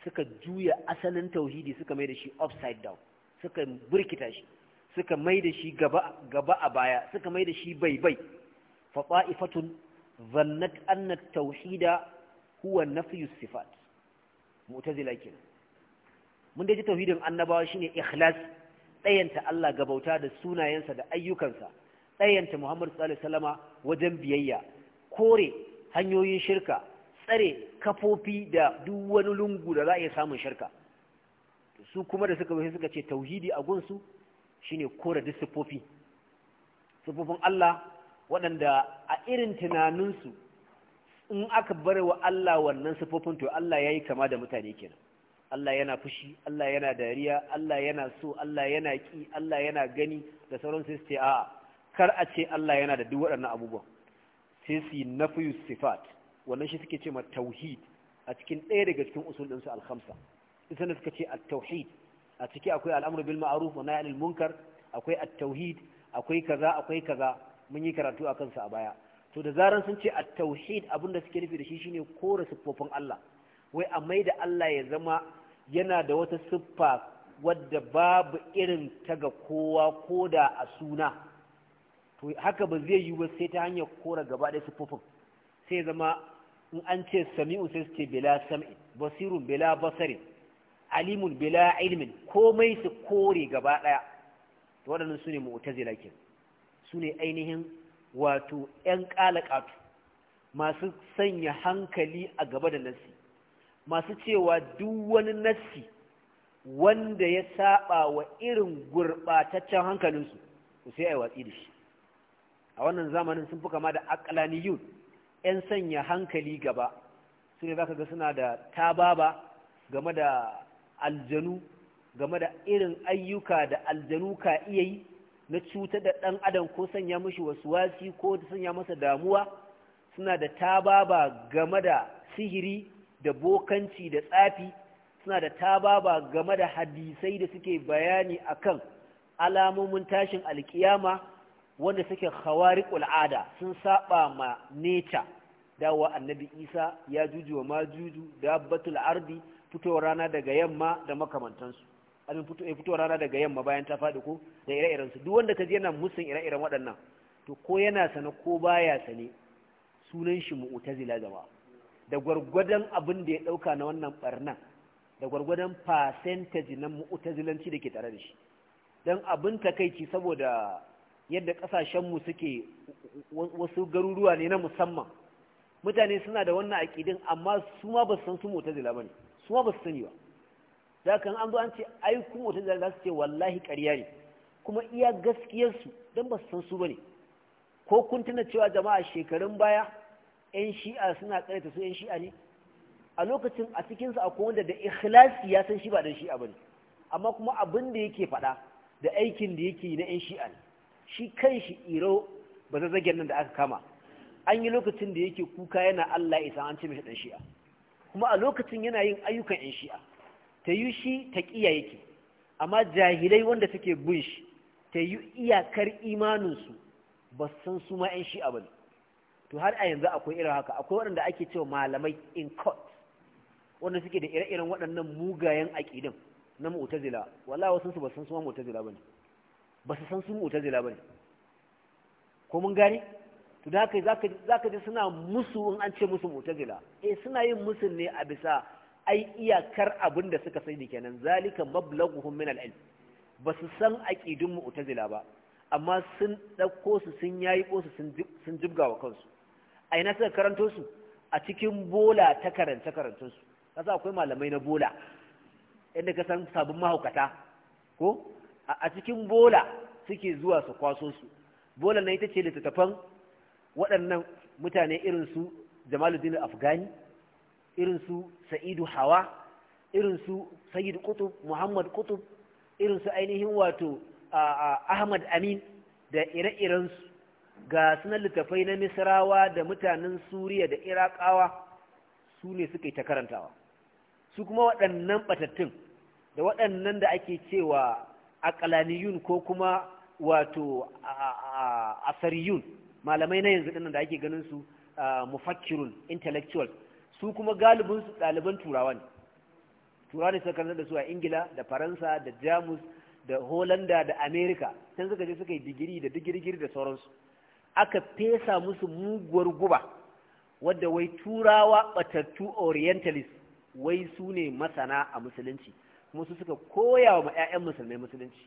[SPEAKER 1] suka juya asalin tauhidi suka mai da shi upside down suka burkita shi suka mai da shi gaba a baya suka mai da shi baibai faɗa'ifatun zannat annat tauhida huwa nafiyus sifat mu'tazila kenan mun dai ji tauhidin annabawa shine ikhlas tsayanta Allah ga bauta da sunayensa da ayyukansa tsayanta Muhammadu sallallahu alaihi wasallama wajen biyayya kore hanyoyin shirka tsare kafofi da duk wani lungu da za a iya samun shirka su kuma da suka bai suka ce tauhidi a gunsu shine kore duk siffofi siffofin Allah waɗanda a irin tunaninsu in aka bar wa Allah wannan siffofin to Allah ya yi kama da mutane kenan Allah yana fushi Allah yana dariya Allah yana so Allah yana ki Allah yana gani da sauran su a'a kar a ce Allah yana da duk waɗannan abubuwan sai su yi nafiyu sifat wannan shi suke ce ma tauhid a cikin ɗaya daga cikin usul ɗinsu alhamsa isa ne suka ce at-tauhid a ciki akwai al'amru bil ma'ruf wa nahy anil munkar akwai at-tauhid akwai kaza akwai kaza mun yi karatu a kansa a baya to da zaran sun ce at-tauhid abinda suke nufi da shi shine kore siffofin Allah wai a maida Allah ya zama yana da wata siffa wadda babu irin ta ga kowa koda a suna to haka ba zai yi ba sai ta hanyar kora gaba ɗaya siffofin sai zama in an ce sami'un sai su ce bila sam'in basirun bila basarin alimun bila ilimin, komai su kore gaba ɗaya to waɗannan su ne mu'tazila ke su ne ainihin wato ƴan ƙalaƙatu masu sanya hankali a gaba da nassi masu cewa duk wani nassi wanda ya saba wa irin gurɓataccen hankalinsu sai a yi watsi da shi a wannan zamanin sun fi kama da yun yan sanya hankali gaba su ne zaka ga suna da tababa game da aljanu game da irin ayyuka da aljanu ka iya yi na cuta da ɗan adam ko sanya mashi wasu wasi ko sanya masa damuwa suna da tababa game da sihiri da bokanci da tsafi suna da tababa game da hadisai da suke bayani akan alamomin tashin alkiyama wanda suke khawariqul ada sun saba ma neca dawa annabi Isa ya juju wa majuju dabbatul ardi fito rana daga yamma da makamantansu abin fito eh, rana daga yamma bayan ta faɗi ko da ire-iren su duk wanda ka yana musun ire-iren waɗannan to ko yana sane ko baya sane sunan shi mu'tazila jama'a da gwargwadon abin da ya dauka na wannan barnan da gwargwadon percentage na mu'tazilanci da ke tare da shi dan abin takeici saboda yadda ƙasashenmu suke wasu garuruwa ne na musamman mutane suna da wannan aƙidin amma su ma ba su san su mutazila ba ne su ma ba su sani ba da kan an zo an ce ai ku mutazila za su ce wallahi ƙarya ne kuma iya gaskiyarsu don ba su san su ba ne ko kun tuna cewa jama'a shekarun baya 'yan shi'a suna ƙareta su 'yan shi'a ne a lokacin a cikinsu akwai wanda da ikhlasi ya san shi ba dan shi'a ba amma kuma abin da yake faɗa da aikin da yake yi na 'yan shi'a ne shi kan shi iro ba zage nan da aka kama an yi lokacin da yake kuka yana Allah isa an ce mai dan shi'a kuma a lokacin yana yin ayyukan yan shi'a ta yi shi ta kiya yake amma jahilai wanda suke bin shi ta yi iyakar imaninsu ba san su ma yan shi'a ba ne to har a yanzu akwai irin haka akwai waɗanda ake cewa malamai in court wanda suke da ire-iren waɗannan mugayen aƙidin na mu'tazila wallahi wasu su ba san su ma mu'tazila ba ne ba su san sun zila ba ne ko mun gane to da haka ka ji suna musu in an ce musu zila eh suna yin musu ne a bisa ai iyakar abin da suka sani kenan zalika mablaghuhum min al-ilm ba su san aqidun mu'tazila ba amma sun ɗauko su sun yayi ko su sun jibga wa kansu a ina suka karanto su a cikin bola ta karanta karantun su kasa akwai malamai na bola inda ka san sabon mahaukata ko a cikin bola suke zuwa su kwaso su bola na ita ce littattafan waɗannan mutane irin su jamaluddin afghani irin su sa'idu hawa irin su sayyid qutub muhammad qutub irin su ainihin wato ahmad amin da ire-irensu ga sunan littafai na misrawa da mutanen suriya da irakawa su ne suka yi ta karantawa su kuma waɗannan batattun da waɗannan da ake cewa aqlaniyun ko kuma wato asariyun malamai na yanzu ɗinan da ake ganin su mufakkirun intellectual su kuma galibin su ɗaliban turawa ne turawa ne suka da su a ingila da faransa da jamus da holanda da amerika can suka je suka yi digiri da digirgiri da sauransu aka fesa musu muguwar guba wadda wai turawa batattu orientalist wai su ne masana a musulunci musu suka koya wa 'ya'yan musulmai musulunci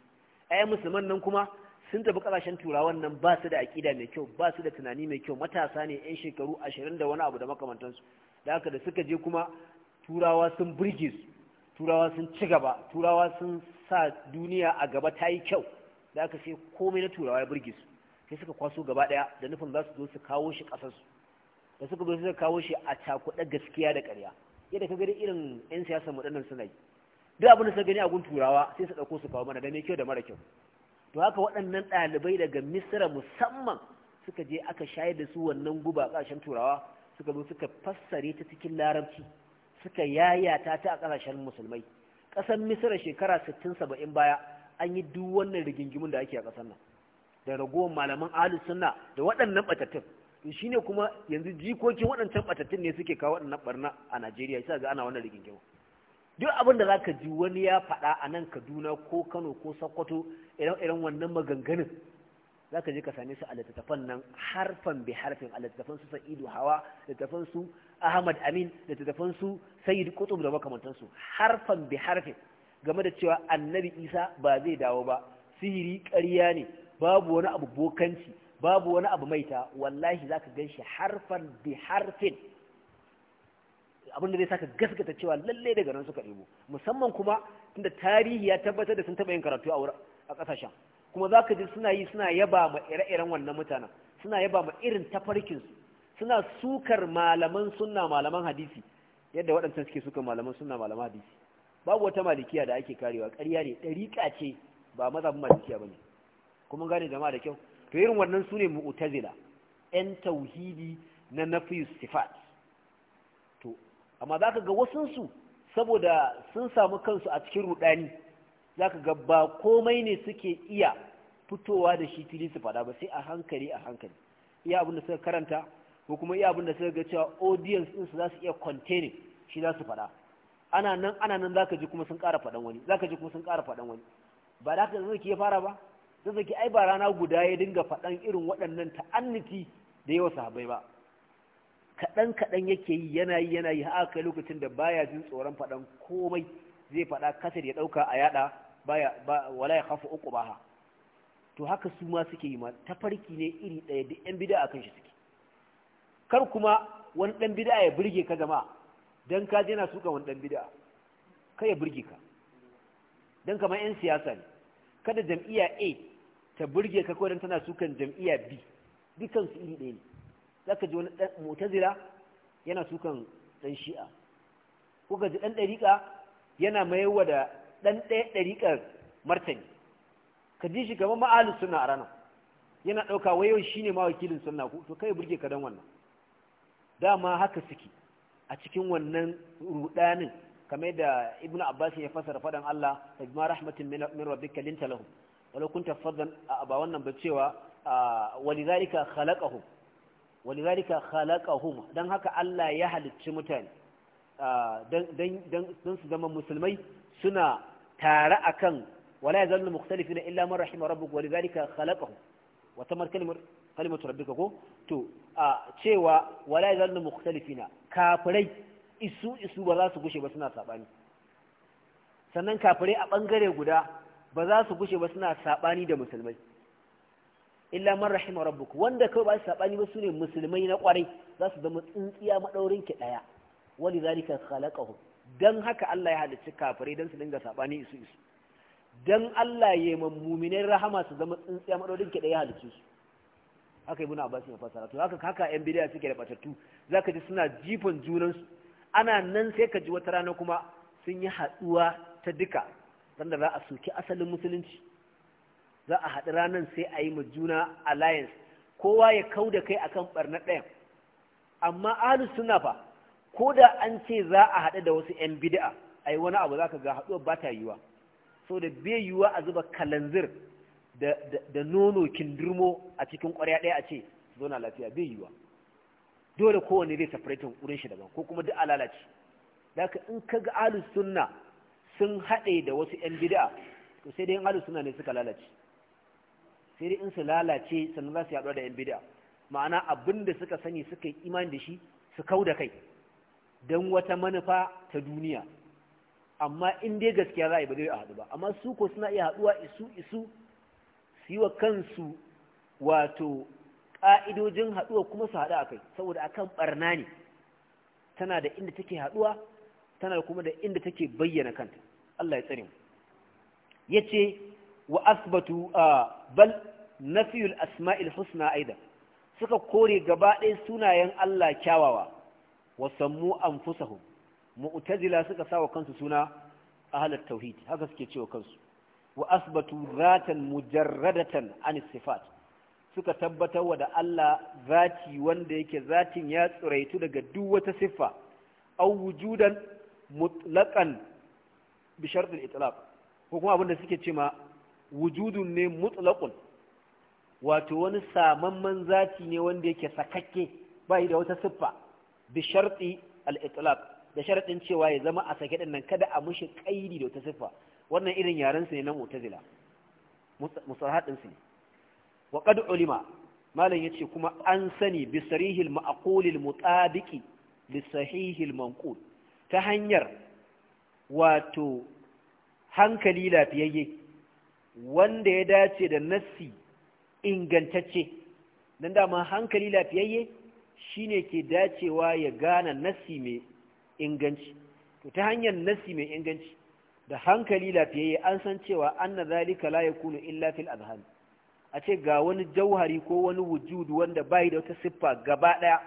[SPEAKER 1] 'ya'yan musulman nan kuma sun tafi kasashen turawan nan ba su da aƙida mai kyau ba su da tunani mai kyau matasa ne 'yan shekaru ashirin da wani abu da makamantansu da haka da suka je kuma turawa sun burge su turawa sun ci gaba turawa sun sa duniya a gaba ta yi kyau da haka sai komai na turawa ya burge su sai suka kwaso gaba ɗaya da nufin za su zo su kawo shi ƙasarsu da suka zo suka kawo shi a cakuɗa gaskiya da ƙarya yadda ka gani irin 'yan siyasa waɗannan suna duk abin da suka gani a gun turawa sai su dauko su kawo mana da mai kyau da mara kyau to haka waɗannan ɗalibai daga misira musamman suka je aka shayar da su wannan guba a ƙasashen turawa suka zo suka fassare ta cikin larabci suka yayata ta a ƙasashen musulmai ƙasar misira shekara sittin saba'in baya an yi duk wannan rigingimin da ake a ƙasar nan da ragowar malaman ahlus sunna da waɗannan batattun to shine kuma yanzu jikokin waɗancan batattun ne suke kawo waɗannan barna a Najeriya sai ga ana wannan rigingimin duk abin da zaka ji wani ya faɗa a nan Kaduna ko Kano ko Sokoto irin wannan maganganun ka je ka same su a littattafan nan harfan bi harfin a littattafan su Sa'idu Hawa littattafan su Ahmad Amin littattafan su Sayyid Qutb da makamantansu harfan bi harfin game da cewa Annabi Isa ba zai dawo ba sihiri karya ne babu wani abu bokanci babu wani abu maita wallahi zaka shi harfan bi harfin abinda zai saka gaskata cewa lalle daga nan suka ɗebo musamman kuma tunda tarihi ya tabbatar da sun taɓa yin karatu a ƙasashen kuma za ka ji suna yi suna yaba ma ire-iren wannan mutanen suna yaba ma irin tafarkinsu suna sukar malaman sunna malaman hadisi yadda waɗancan suke sukar malaman sunna malaman hadisi babu wata malikiya da ake karewa ƙarya ne ɗariƙa ce ba mazhabin malikiya ba ne kuma gane jama'a da kyau to irin wannan su ne mu'tazila 'yan tauhidi na nafi sifat amma za ka ga wasunsu saboda sun samu kansu a cikin rudani za ka ga ba komai ne suke iya fitowa da shi fili su fada ba sai a hankali a hankali iya abin da suka karanta ko kuma iya abin da suka ga cewa audience ɗinsu za su iya containing shi za su fada ana nan ana nan za ka ji kuma sun ƙara faɗan wani za ka ji kuma sun ƙara faɗan wani ba da haka zazzaki ya fara ba zaki ai ba rana guda ya dinga faɗan irin waɗannan ta'anniti da yawa sahabbai ba kaɗan kaɗan yake yi yana yi yana yi haka lokacin da baya jin tsoron faɗan komai zai faɗa kasar ya ɗauka a yaɗa baya wala ya kafa uku ba to haka su ma suke yi ma tafarki ne iri ɗaya da yan bida akan shi suke kar kuma wani ɗan bida ya burge ka jama'a dan ka je na suka wani ɗan bida ka ya burge ka dan kamar yan siyasa ne kada jam'iyya A ta burge ka ko dan tana sukan jam'iyya B dukansu iri ɗaya ne zaka ji wani dan mu'tazila yana sukan dan shi'a kuka ji dan dariƙa yana mayarwa da dan ɗaya dariƙar martani ka ji shi kamar ma'alus sunna a ranar yana ɗauka wai yau shine ma wakilin sunna ku to kai burge ka dan wannan dama haka suke a cikin wannan rudanin kamar da ibnu abbas ya fasara fadan Allah tajma rahmatin min rabbika linta lahum walau kunta fadlan ba wannan ba cewa walidhalika khalaqahum walidhalika khalaqahum dan haka Allah ya halicci mutane ah, dan sun su zama musulmai suna tare akan wala yazallu mukhtalifina illa man rahima rabbuk walidhalika khalaqahum wata mar kalmar kalimatu rabbika ko to ah, cewa wala yazallu mukhtalifina kafirai isu isu ba za su gushe ba suna sabani sannan kafirai a bangare guda ba za su gushe ba suna sabani da musulmai illa man rahima rabbuk wanda kawai ba su sabani ba sune musulmai na kwarai za su zama tsintsiya madaurin ki daya wali zalika khalaqahu dan haka Allah ya halicci kafirai dan su dinga sabani isu isu dan Allah ya yi mummunin rahama su zama tsintsiya madaurin ki daya halicci su haka ibnu abbas ya fasara to haka haka yan bidaya suke da batattu zaka ji suna jifan junan su ana nan sai ka ji wata rana kuma sun yi haduwa ta duka sanda za a soki asalin musulunci za a haɗu ranar sai a yi juna alliance kowa ya kau da kai akan barna ɗaya amma ahalu suna fa ko da an ce za a haɗu da wasu 'yan bid'a a wani abu za ka ga haɗuwar ba ta yiwa so da bai yiwa a zuba kalanzir da nono kindirmo a cikin ƙwarya ɗaya a ce zona lafiya bai yiwa dole kowane zai separatin wurin shi daban ko kuma duk a lalace da in ka ga ahlus sunna sun haɗe da wasu 'yan bid'a to sai dai ahlus sunna ne suka lalace sai dai in su lalace sannan za su yaɗu da yan bid'a ma'ana abin da suka sani suka yi iman da shi su kau da kai don wata manufa ta duniya amma in dai gaskiya za a yi ba zai haɗu ba amma su ko suna iya haɗuwa isu isu su yi wa kansu wato ƙa'idojin haɗuwa kuma su haɗu a kai saboda akan ɓarna ne tana da inda take haɗuwa tana kuma da inda take bayyana kanta Allah ya tsare mu yace wa'asbatu asbatu bal nafiyul asma'il husna aida suka kore gaba ɗaya sunayen Allah kyawawa wa sammu fusahu mu'tazila suka sawa kansu suna ahlul tauhid haka suke cewa kansu wa asbatu zatan mujarradatan an sifat suka tabbatar wa da Allah zati wanda yake zatin ya tsiraitu daga duk wata siffa aw wujudan mutlaqan bi shart itlaq ko kuma abinda suke cewa wujudun ne mutlaqun wato wani samamman zati ne wanda yake sakakke bai da wata siffa bi sharti al-itlaq da sharadin cewa ya zama a sake din nan kada a mushi kaidi da wata siffa wannan irin yaran su ne na mu'tazila musahadin su ne wa qad ulima malam yace kuma an sani bi sarihil ma'qulil mutabiqi li sahihil manqul ta hanyar wato hankali lafiyayye wanda ya dace da nassi ingantacce don dama hankali lafiyayye shine ke dacewa ya gane nassi mai inganci to ta hanyar nassi mai inganci da hankali lafiyayye an san cewa anna zalika la yakunu illa fil azhar a ce ga wani jauhari ko wani wujudu wanda bai da wata siffa gaba daya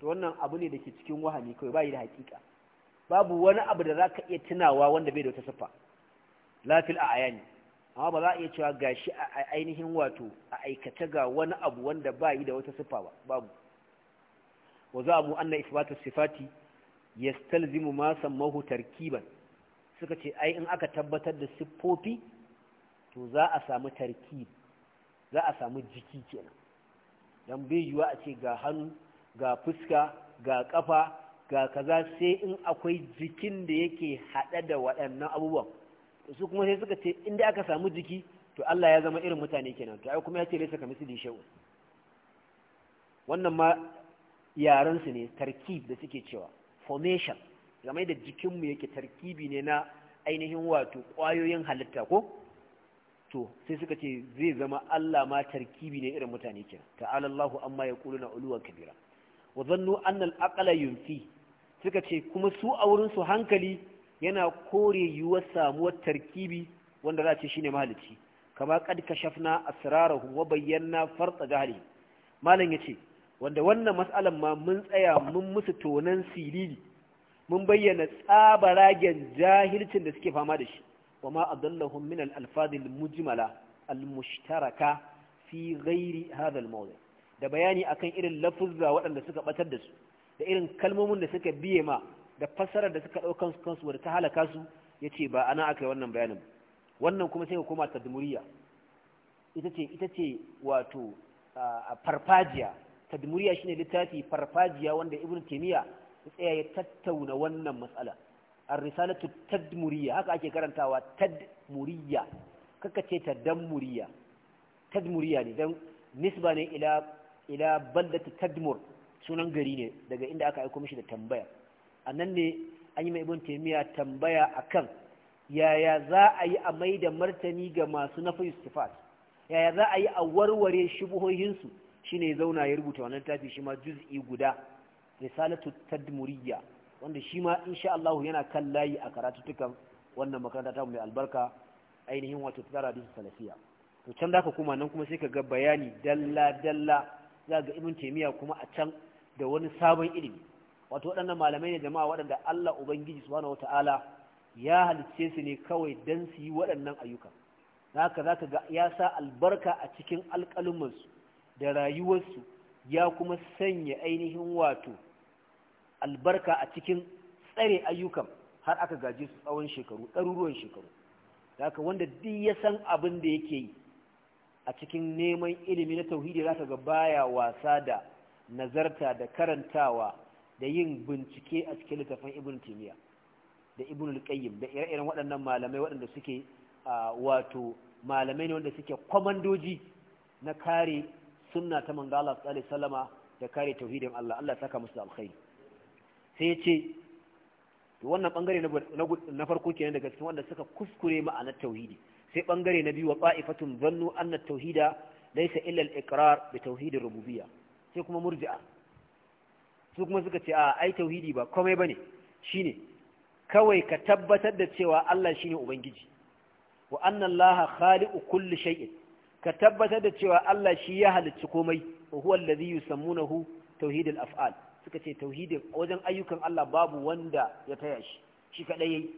[SPEAKER 1] to wannan abu ne da ke cikin wahami kawai bai da hakika babu wani abu da zaka iya tunawa wanda bai da wata siffa la fil ayani amma ba za a iya cewa gashi a ainihin wato a aikata ga wani abu wanda ba yi da wata sifa ba babu wa za mu anna isbatu sifati yastalzimu ma sammahu tarkiban suka ce ai in aka tabbatar da siffofi to za a samu tarkib za a samu jiki kenan dan bai yiwa a ce ga hannu ga fuska ga kafa ga kaza sai in akwai jikin da yake hada da waɗannan abubuwan su kuma sai suka ce inda aka samu jiki to Allah ya zama irin mutane kenan to ai kuma ya ce laysa misli shau wannan ma yaran su ne tarkib da suke cewa formation game da jikin mu yake tarkibi ne na ainihin wato kwayoyin halitta ko to sai suka ce zai zama Allah ma tarkibi ne irin mutane kenan ta'ala Allahu amma yaquluna uluwan kabira wa dhannu anna al-aqla yunfi suka ce kuma su a wurin su hankali yana kore yiwuwar samuwar tarkibi wanda za a ce ne mahalici kama kad kashafna asrarahum wa bayyana farta jahli malam ya ce wanda wannan matsalar ma mun tsaya mun musu tonan sirili mun bayyana tsabaragen jahilcin da suke fama da shi wama adallahum min al-alfaz al-mujmala al-mushtaraka fi ghairi hadha al-mawdi da bayani akan irin lafuzza waɗanda suka batar da su da irin kalmomin da suka biye ma da fassarar da suka ɗaukan su kansu wadda ta halaka su ya ce ba ana aka yi wannan bayanin wannan kuma sai ka koma tadmuriya ita ce ita ce wato farfajiya tadmuriya shine littafi farfajiya wanda ibn taymiya ya tsaya ya tattauna wannan matsala ar-risalatu tadmuriya haka ake karantawa tadmuriya kaka ce ta dammuriya tadmuriya ne dan nisba ne ila ila baldatu tadmur sunan gari ne daga inda aka aika mishi da tambaya a nan ne an yi mai ibn taimiyya tambaya akan yaya za a yi a mai da martani ga masu nafi istifat yaya za a yi a warware shubuhohinsu shine ne zauna ya rubuta wannan tafi shi ma juz'i guda risalatu tadmuriya wanda shi ma insha Allah yana kan layi a karatutukan wannan makaranta ta mai albarka ainihin wato tsara da salafiya to can ka kuma nan kuma sai ka ga bayani dalla dalla za ga ibn taymiya kuma a can da wani sabon ilimi wato waɗannan malamai ne jama'a waɗanda Allah Ubangiji subhanahu wata'ala ya halicce su ne kawai don su yi waɗannan ayyuka haka zaka ga ya sa albarka a cikin alƙalumansu da rayuwarsu ya kuma sanya ainihin wato albarka a cikin tsare ayyukan har aka gaji su tsawon shekaru ɗaruruwan shekaru haka wanda duk ya san abin da yake yi a cikin neman ilimi na tauhidi zaka ga baya wasa da nazarta da karantawa da yin bincike a cikin littafin ibn timiya da ibn al-qayyim da ire-iren waɗannan malamai waɗanda suke wato malamai ne wanda suke kwamandoji na kare sunna ta manzo Allah sallallahu alaihi da kare tauhidin Allah Allah saka musu alkhairi sai ya ce to wannan bangare na farko kenan daga cikin wanda suka kuskure ma'anar tauhidi sai bangare na biyu wa qa'ifatun zannu anna tauhida laysa illa al-iqrar bi rububiya rububiyya sai kuma murji'a su kuma suka ce a ai tauhidi ba komai bane shine kawai ka tabbatar da cewa Allah shine ubangiji wa anna Allah khaliqu kulli shay'in ka tabbatar da cewa Allah shi ya halicci komai wa huwa allazi yusammunahu tauhidul af'al suka ce tauhidin wajen ayyukan Allah babu wanda ya taya shi shi kadai yayi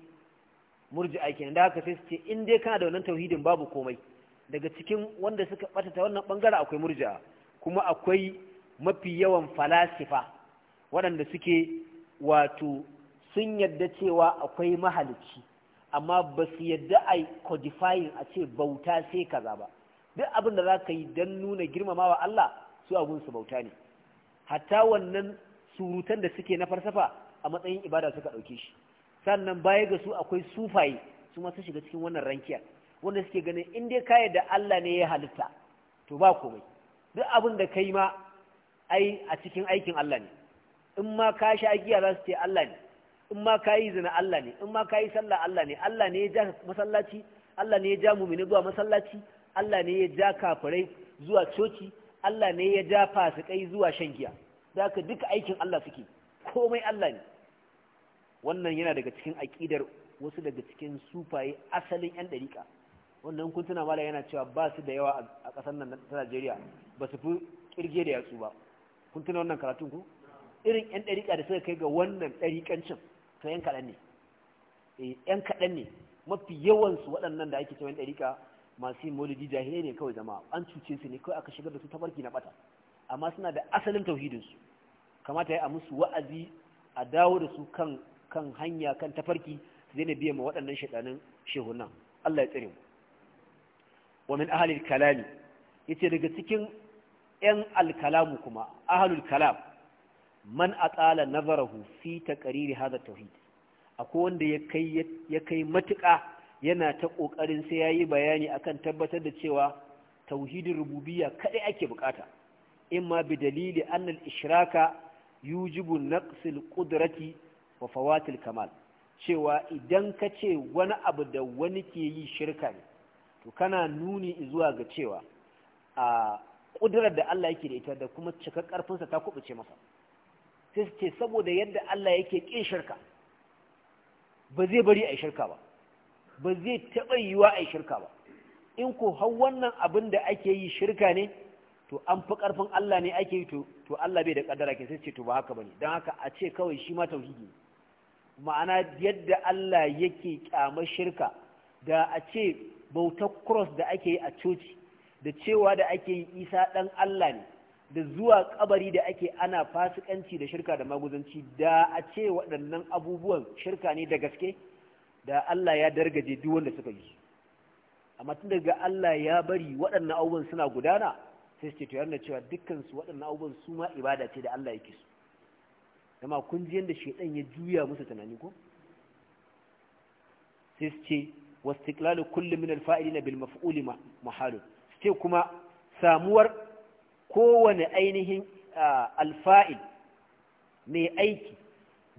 [SPEAKER 1] murji'a kenan da haka sai su ce in dai kana da wannan tauhidin babu komai daga cikin wanda suka bata ta wannan bangare akwai murji'a kuma akwai mafi yawan falasifa waɗanda suke wato sun yadda cewa akwai mahalicci amma ba su yadda a codifying a ce bauta sai kaza ba duk abin da za ka yi don nuna girmamawa Allah su abun su bauta ne hatta wannan surutan da suke na farsafa a matsayin ibada suka ɗauke shi sannan baya ga su akwai sufaye su ma shiga cikin wannan rankiya wanda suke ganin in dai ka yadda Allah ne ya halitta to ba komai duk abin da kai ma ai a cikin aikin Allah ne in ma ka sha giya za su ce Allah ne in ma ka yi zina Allah ne in ma ka yi sallah Allah ne Allah ne ya ja masallaci Allah ne ya ja mumini zuwa masallaci Allah ne ya ja kafirai zuwa coci Allah ne ya ja fasikai zuwa shan giya da ka duka aikin Allah suke komai Allah ne wannan yana daga cikin aƙidar wasu daga cikin sufaye asalin 'yan ɗariƙa wannan kun tuna mala yana cewa ba su da yawa a ƙasar nan ta Najeriya ba su fi kirge da yatsu ba kun tuna wannan karatun ku irin 'yan ɗariƙa da suka kai ga wannan ɗariƙancin to 'yan kaɗan ne eh, ‘yan kaɗan ne mafi yawansu waɗannan da ake cewa ɗariƙa masu yin maulidi jahilai ne kawai zama an cuce su ne kawai aka shigar da su tafarki na ɓata amma suna da asalin tauhidinsu kamata ya a musu wa'azi a dawo da su kan kan hanya kan tafarki su daina biyan ma waɗannan shaɗanin shehunan Allah ya tsire mu wa min ahalil kalami yace daga cikin ‘yan alkalamu kuma ahalul kalam man atala nazarahu fi taqriri hada tauhid akwai wanda ya kai ya kai matuƙa yana ta kokarin sai yayi bayani akan tabbatar da cewa tauhidin rububiya kaɗai ake bukata ma bi dalili annal ishraka yujibu naqsil qudrati wa fawatil kamal cewa idan kace wani abu da wani ke yi shirka ne to kana nuni zuwa ga cewa a ƙudurar da Allah yake da ita da kuma cika ƙarfinsa ta kubuce masa sai su ce saboda yadda Allah yake ƙin shirka ba zai bari a shirka ba ba zai taɓa yiwa a shirka ba in ko hau wannan abin da ake yi shirka ne to an fi ƙarfin Allah ne ake yi to Allah bai da ƙaddara ke sai ce to ba haka ba ne don haka a ce kawai shi ma tauhidi ma'ana yadda Allah yake kyamar shirka da a ce bautar cross da ake yi a coci da cewa da ake yi Isa ɗan Allah ne da zuwa kabari da ake ana fasikanci da shirka da maguzanci da a ce waɗannan abubuwan shirka ne da gaske da Allah ya dargaje duk wanda suka yi amma tun daga Allah ya bari waɗannan abubuwan suna gudana sai su ce to yarda cewa dukkan su waɗannan abubuwan su ma ibada ce da Allah yake su amma kun ji yanda shedan ya juya musu tunani ko sai su ce wastiklalu kullu min alfa'ilina bil maf'uli mahalu sai kuma samuwar kowane ainihin alfa'il mai aiki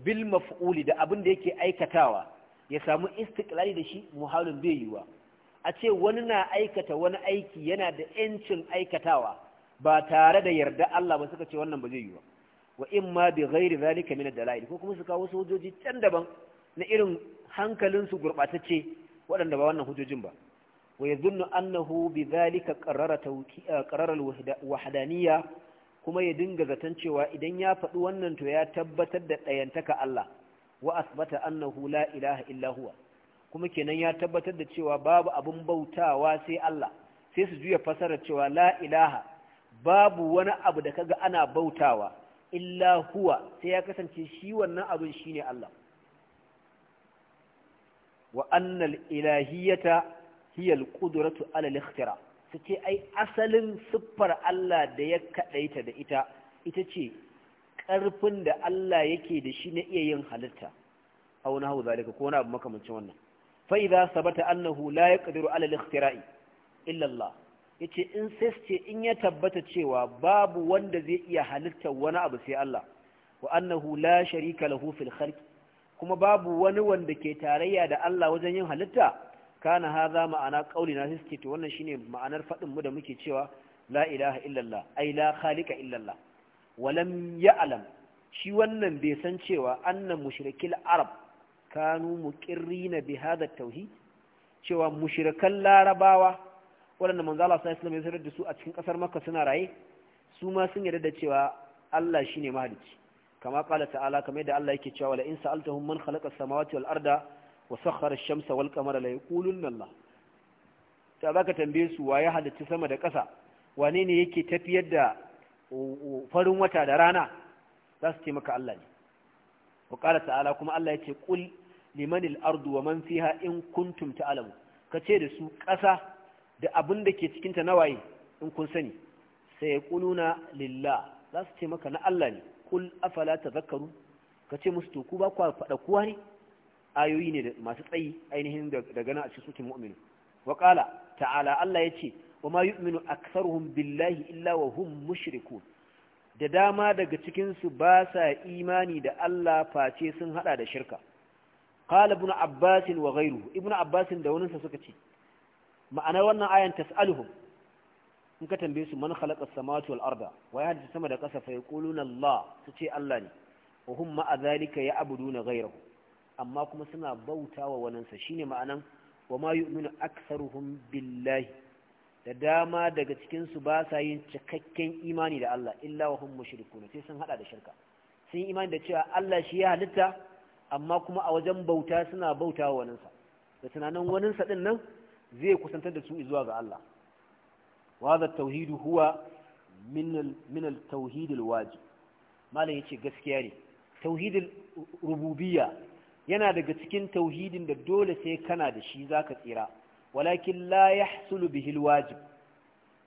[SPEAKER 1] bil maf'uli da abin da yake aikatawa ya samu istiklali da shi muhallin bai yiwa a ce wani na aikata wani aiki yana da ‘yancin aikatawa ba tare da yarda Allah ba suka ce wannan ba zai yiwa wa in ma bi ghairi zalika min dalail ko kuma su kawo sojoji can daban na irin hankalinsu gurɓatacce waɗanda ba wannan hujojin ba ويظن أنه بذلك قرر, توكي... قرر الوحدانية كما يدنغ زتنشوا إذن يفأوا أنه يتبت ينتك الله وأثبت أنه لا إله إلا هو كما كان يتبت يتشوا باب أبن بوتا واسي الله سيسجو يفسر يتشوا لا إله باب وانا أبدك أنا بوتاوا إلا هو سيكسن تشيوا أنا أبن شيني الله وأن الإلهية hiyal qudratu ala Su ce ai asalin siffar Allah da ya kadaita da ita ita ce ƙarfin da Allah yake da shi na iya yin halitta aw nahu zalika ko wani abu makamancin wannan fa idza annahu la ya ala al-ikhtira'i illa Allah yace in sai ce in ya tabbata cewa babu wanda zai iya halitta wani abu sai Allah wa annahu la sharika lahu fil kuma babu wani wanda ke tarayya da Allah wajen yin halitta kana haza ma'ana kauli na suke to wannan shine ma'anar fadin mu da muke cewa la ilaha illallah ai la khaliqa illallah walam ya'lam shi wannan bai san cewa annan mushrikil arab kanu muqirrina bi hada tauhid cewa mushrikan larabawa waɗanda manzo Allah sallallahu alaihi wasallam ya da su a cikin kasar makka suna raye su ma sun yarda da cewa Allah shine mahalicci kama qala ta'ala kamar yadda Allah yake cewa la in sa'altahum man khalaqa samawati wal arda wa sakhara ash-shamsa wal qamara la yaqulunna Allah ta zaka tambaye su waye halitta sama da ƙasa wane ne yake tafiyar da farin wata da rana za su ce maka Allah ne wa qala ta'ala kuma Allah yace qul liman al-ardu wa man fiha in kuntum ta'lamu kace da su ƙasa da abin da ke cikin ta nawaye in kun sani sai yaquluna lillah za su ce maka na Allah ne Kul afala tadhakkaru kace musu to ku ba ku faɗa kuwa ne ayoyi ne masu tsayi ainihin da gana a cikin sutin mu'minu wa qala ta'ala Allah yace wa ma yu'minu aktharuhum billahi illa wa hum mushrikun da dama daga cikin su ba sa imani da Allah face sun hada da shirka qala ibn abbas wa ghayruhu ibn abbas da wani sa suka ce ma'ana wannan ayan tas'aluhum in ka tambaye su man khalaqa as-samawati wal arda wa ya hadda sama da kasa fa yaquluna Allah su ce Allah ne wa hum ma'a dhalika ya'buduna ghayrahu amma kuma suna bauta wa waninsa shine ma'anan wa ma yu'minu aktsaruhum billahi da dama daga cikin su ba sa yin cikakken imani da Allah illa wa hum mushrikuna sai sun hada da shirka sun yi imani da cewa Allah shi ya halitta amma kuma a wajen bauta suna bauta wa waninsa da tunanin waninsa din nan zai kusantar da su zuwa ga Allah wa hadha at huwa min al wajib malam yace gaskiya ne tauhidul rububiyya yana daga cikin tauhidin da dole sai kana da shi zaka tsira walakin la yahsulu bihi alwajib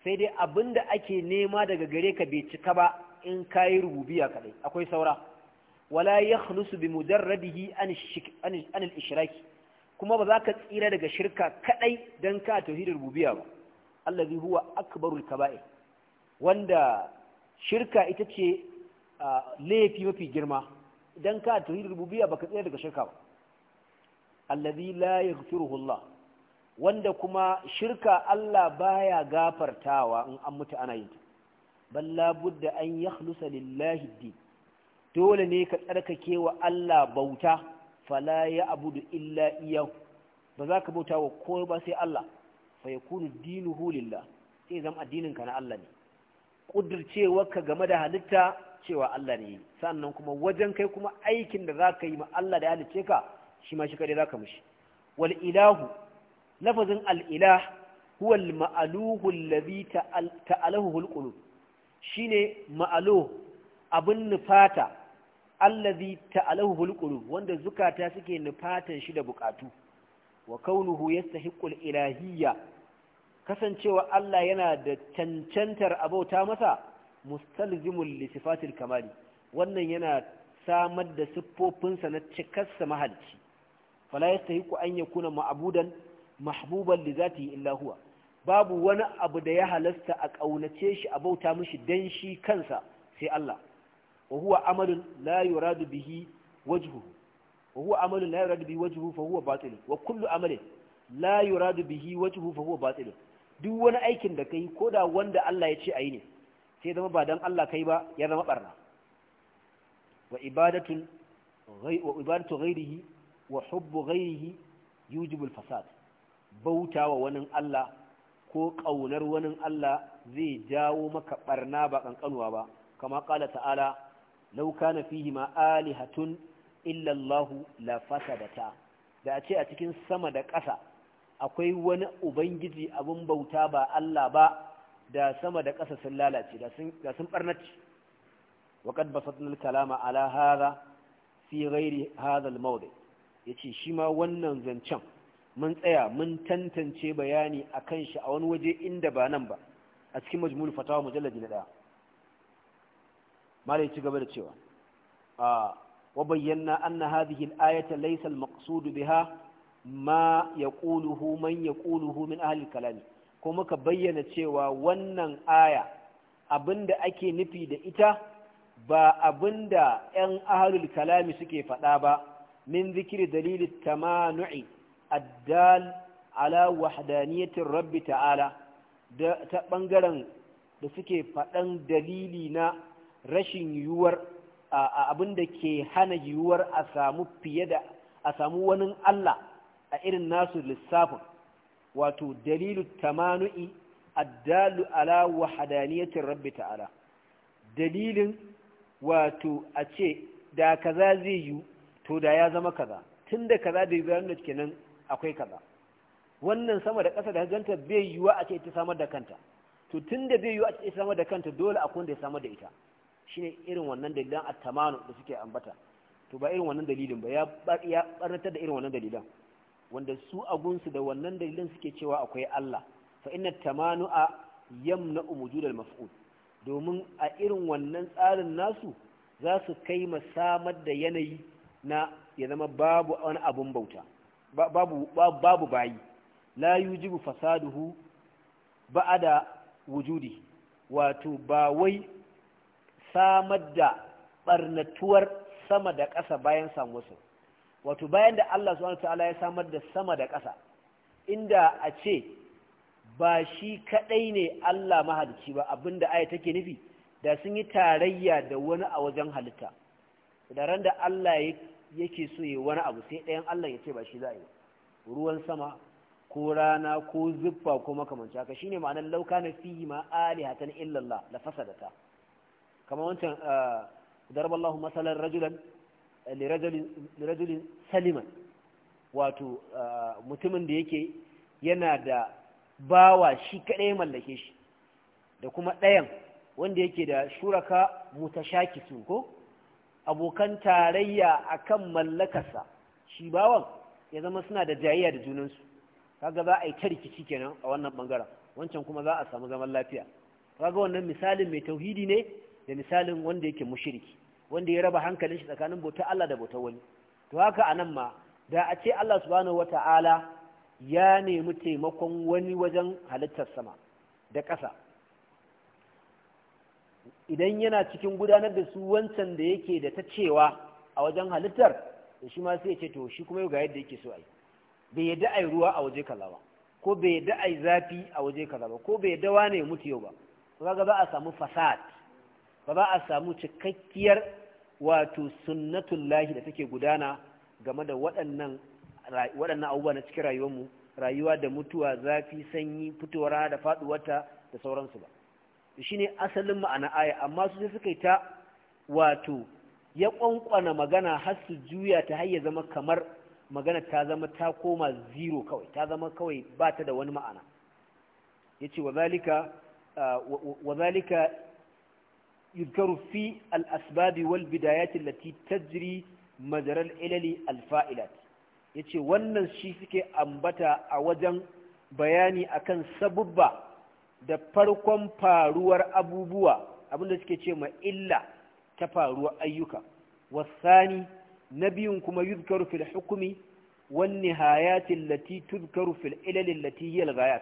[SPEAKER 1] sai dai abinda ake nema daga gare ka bai cika ba in kayi rububiya kadai akwai saura wala yakhlusu bi mujarradihi an al-ishraki kuma ba za ka tsira daga shirka kadai dan ka tauhidin rububiya ba allazi huwa akbarul kaba'ir wanda shirka ita ce ah, laifi mafi girma idan ka tauhidul ba baka tsaya daga shirka ba allazi la yaghfiruhu Allah wanda kuma shirka Allah baya gafartawa in an mutu ana yin ta balla budda an yakhlusa lillahi din dole ne ka tsarkake wa Allah bauta fala ya abudu illa iyyahu ba za ka bauta wa kowa ba sai Allah fa yakunu dinuhu lillah sai zama addinin ka na Allah ne ka game da halitta cewa Allah ne sannan kuma wajen kai kuma aikin da za ka yi ma Allah da halice ka shi ma shi kadai za ka mushi wal ilahu lafazin al ilah huwa al ma'aluhu allazi ta'alahu al qulub shine ma'alu abin nufata allazi ta'alahu al qulub wanda zukata suke nufatan shi da bukatu wa kaunuhu yastahiqul ilahiyya kasancewa Allah yana da cancantar abauta masa mustalzimun li kamali wannan yana samar da siffofinsa na cikarsa mahalci fala yastahiqu an kuna ma'budan mahbuban li zatihi illa huwa babu wani abu da ya halasta a kaunace shi a bauta mishi dan shi kansa sai Allah wa huwa amalun la yuradu bihi wajhuhu wa huwa amalun la yuradu bihi wajhuhu fa huwa batil wa kullu amalin la yuradu bihi wajhuhu fa huwa batil duk wani aikin da kai koda wanda Allah ya ce ayi ne sai zama ba dan Allah kai ba ya zama barna wa ibadatun wa ibadatu ghairihi wa hubbu ghairihi yujibu fasad bauta wa wani Allah ko kaunar wani Allah zai jawo maka barna ba kankanuwa ba kama ƙala ta'ala law kana fihi ma alihatun illa Allah la fasadata da a ce a cikin sama da ƙasa akwai wani ubangiji abin bauta ba Allah ba da sama da ƙasa sun lalace da sun ɓarnaci waƙad basatun kalama ala hada fi ghairi hada al-mawdi yace shi ma wannan zancen mun tsaya mun tantance bayani akan shi a wani waje inda ba nan ba a cikin majmul fatawa mujalladi na daya malai ci gaba da cewa a wa bayyana anna hadhihi al-ayata laysa al-maqsud biha ma yaquluhu man yaquluhu min ahli al-kalami ko muka bayyana cewa wannan aya abinda ake nufi da ita ba abinda 'yan ahalul kalami suke faɗa ba min zikiri dalilin tamanu'i addal ala wahdaniyatin rabbi ta'ala ta bangaren da suke faɗan dalili na rashin yiwuwar abinda ke hana yiwuwar a samu fiye da a samu wani Allah a irin nasu lissafin wato dalilu tamanu'i addalu ala wahadaniyatin rabbi ta'ala dalilin wato a ce da kaza zai yi to da ya zama kaza tun da kaza da yiwuwa nuna kenan akwai kaza wannan sama da ƙasa da ganta bai wa a ce ita samar da kanta to tun da bai wa a ce ita samar da kanta dole akwai wanda ya samar da ita shine irin wannan dalilan at-tamanu da suke ambata to ba irin wannan dalilin ba ya barnatar da irin wannan dalilan wanda su agunsu da wannan dalilin suke cewa akwai Allah fa inna tamanu'a yamna al maf'ul domin a irin wannan tsarin nasu za su kai samar da yanayi na ya zama babu wani abun bauta babu babu bayi la yujibu fasaduhu ba'ada wujudi wato ba wai samar da barnatuwar sama da ƙasa bayan samuwar wato bayan da Allah subhanahu wataala ya samar da sama da ƙasa inda a ce ba shi kadai ne Allah mahalicci ba abinda aya take nufi da sun yi tarayya da wani a wajen halitta da ran da Allah yake so ya wani abu sai ɗayan Allah ya ce ba shi za a yi ruwan sama ko rana ko zuffa ko makamanci haka shine ma'anar lauka na fi ma alihatan illallah la fasadata kamar wancan ah, darballahu masalan rajulan lirajulin saliman wato mutumin da yake yana da bawa shi kaɗai mallake shi da kuma ɗayan wanda yake da shuraka sha sun, ko abokan tarayya akan mallakarsa shi bawan ya zama suna da jayayya da junansu kaga za a yi ta rikici kenan a wannan bangaren wancan kuma za a samu zaman lafiya kaga wannan misalin mai tauhidi ne da misalin wanda yake mushiriki. wanda ya raba hankalin shi tsakanin bauta Allah da bauta wani to haka anan ma da a ce Allah subhanahu wata'ala ya nemi taimakon wani wajen halittar sama da ƙasa idan yana cikin gudanar da su wancan da yake da ta cewa a wajen halittar da shi ma sai ya ce to shi kuma ga yadda yake so ai, bai yadda ai ruwa a waje kaza ba ko bai yadda ai zafi a waje kaza ba ko bai yadda wane mutu yau ba kaga za a samu fasad ba za a samu cikakkiyar wato lahi da take gudana game da waɗannan abubuwa na cikin rayuwarmu rayuwa da mutuwa zafi sanyi fitowar rana da faɗuwata da sauransu ba shi ne asalin ma'ana aya amma su sai suka yi ta wato ya ƙwanƙwana magana har su juya ta har ya zama kamar magana ta zama ta koma zero kawai ta zama kawai ba ta da wani ma'ana ya ce wa zalika uh, يذكر في الأسباب والبدايات التي تجري مجرى العلل الفائلات yace wannan shi suke ambata a wajen bayani akan sabubba da farkon faruwar abubuwa abinda suke ce ma illa ta faruwar ayyuka wasani na biyun kuma yuzkaru fil hukumi wan nihayati allati tuzkaru fil ilal allati hiya al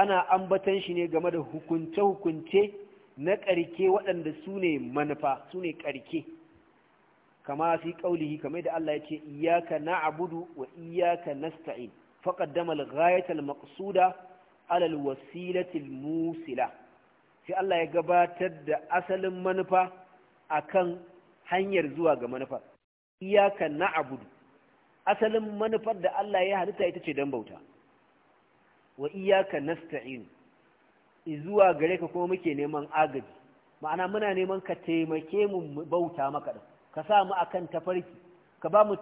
[SPEAKER 1] ana ambatan shi ne game da hukunce hukunce na ƙarke waɗanda su ne manufa su ne ƙarke kama fi ƙaulihi kamar da Allah ya ce iyaka na abudu wa iyaka nasta'in sta'in. al-ghayata gayatar maqsuda ala al musila sai Allah ya gabatar da asalin manufa akan hanyar zuwa ga manufa iyaka na abudu. asalin manufar da Allah ya halitta ita ce dan bauta wa iyaka nasta'in zuwa gare ka kuma muke neman agaji ma'ana muna neman ka taimake mu bauta maka ɗin ka sa mu akan tafarki ka ba mu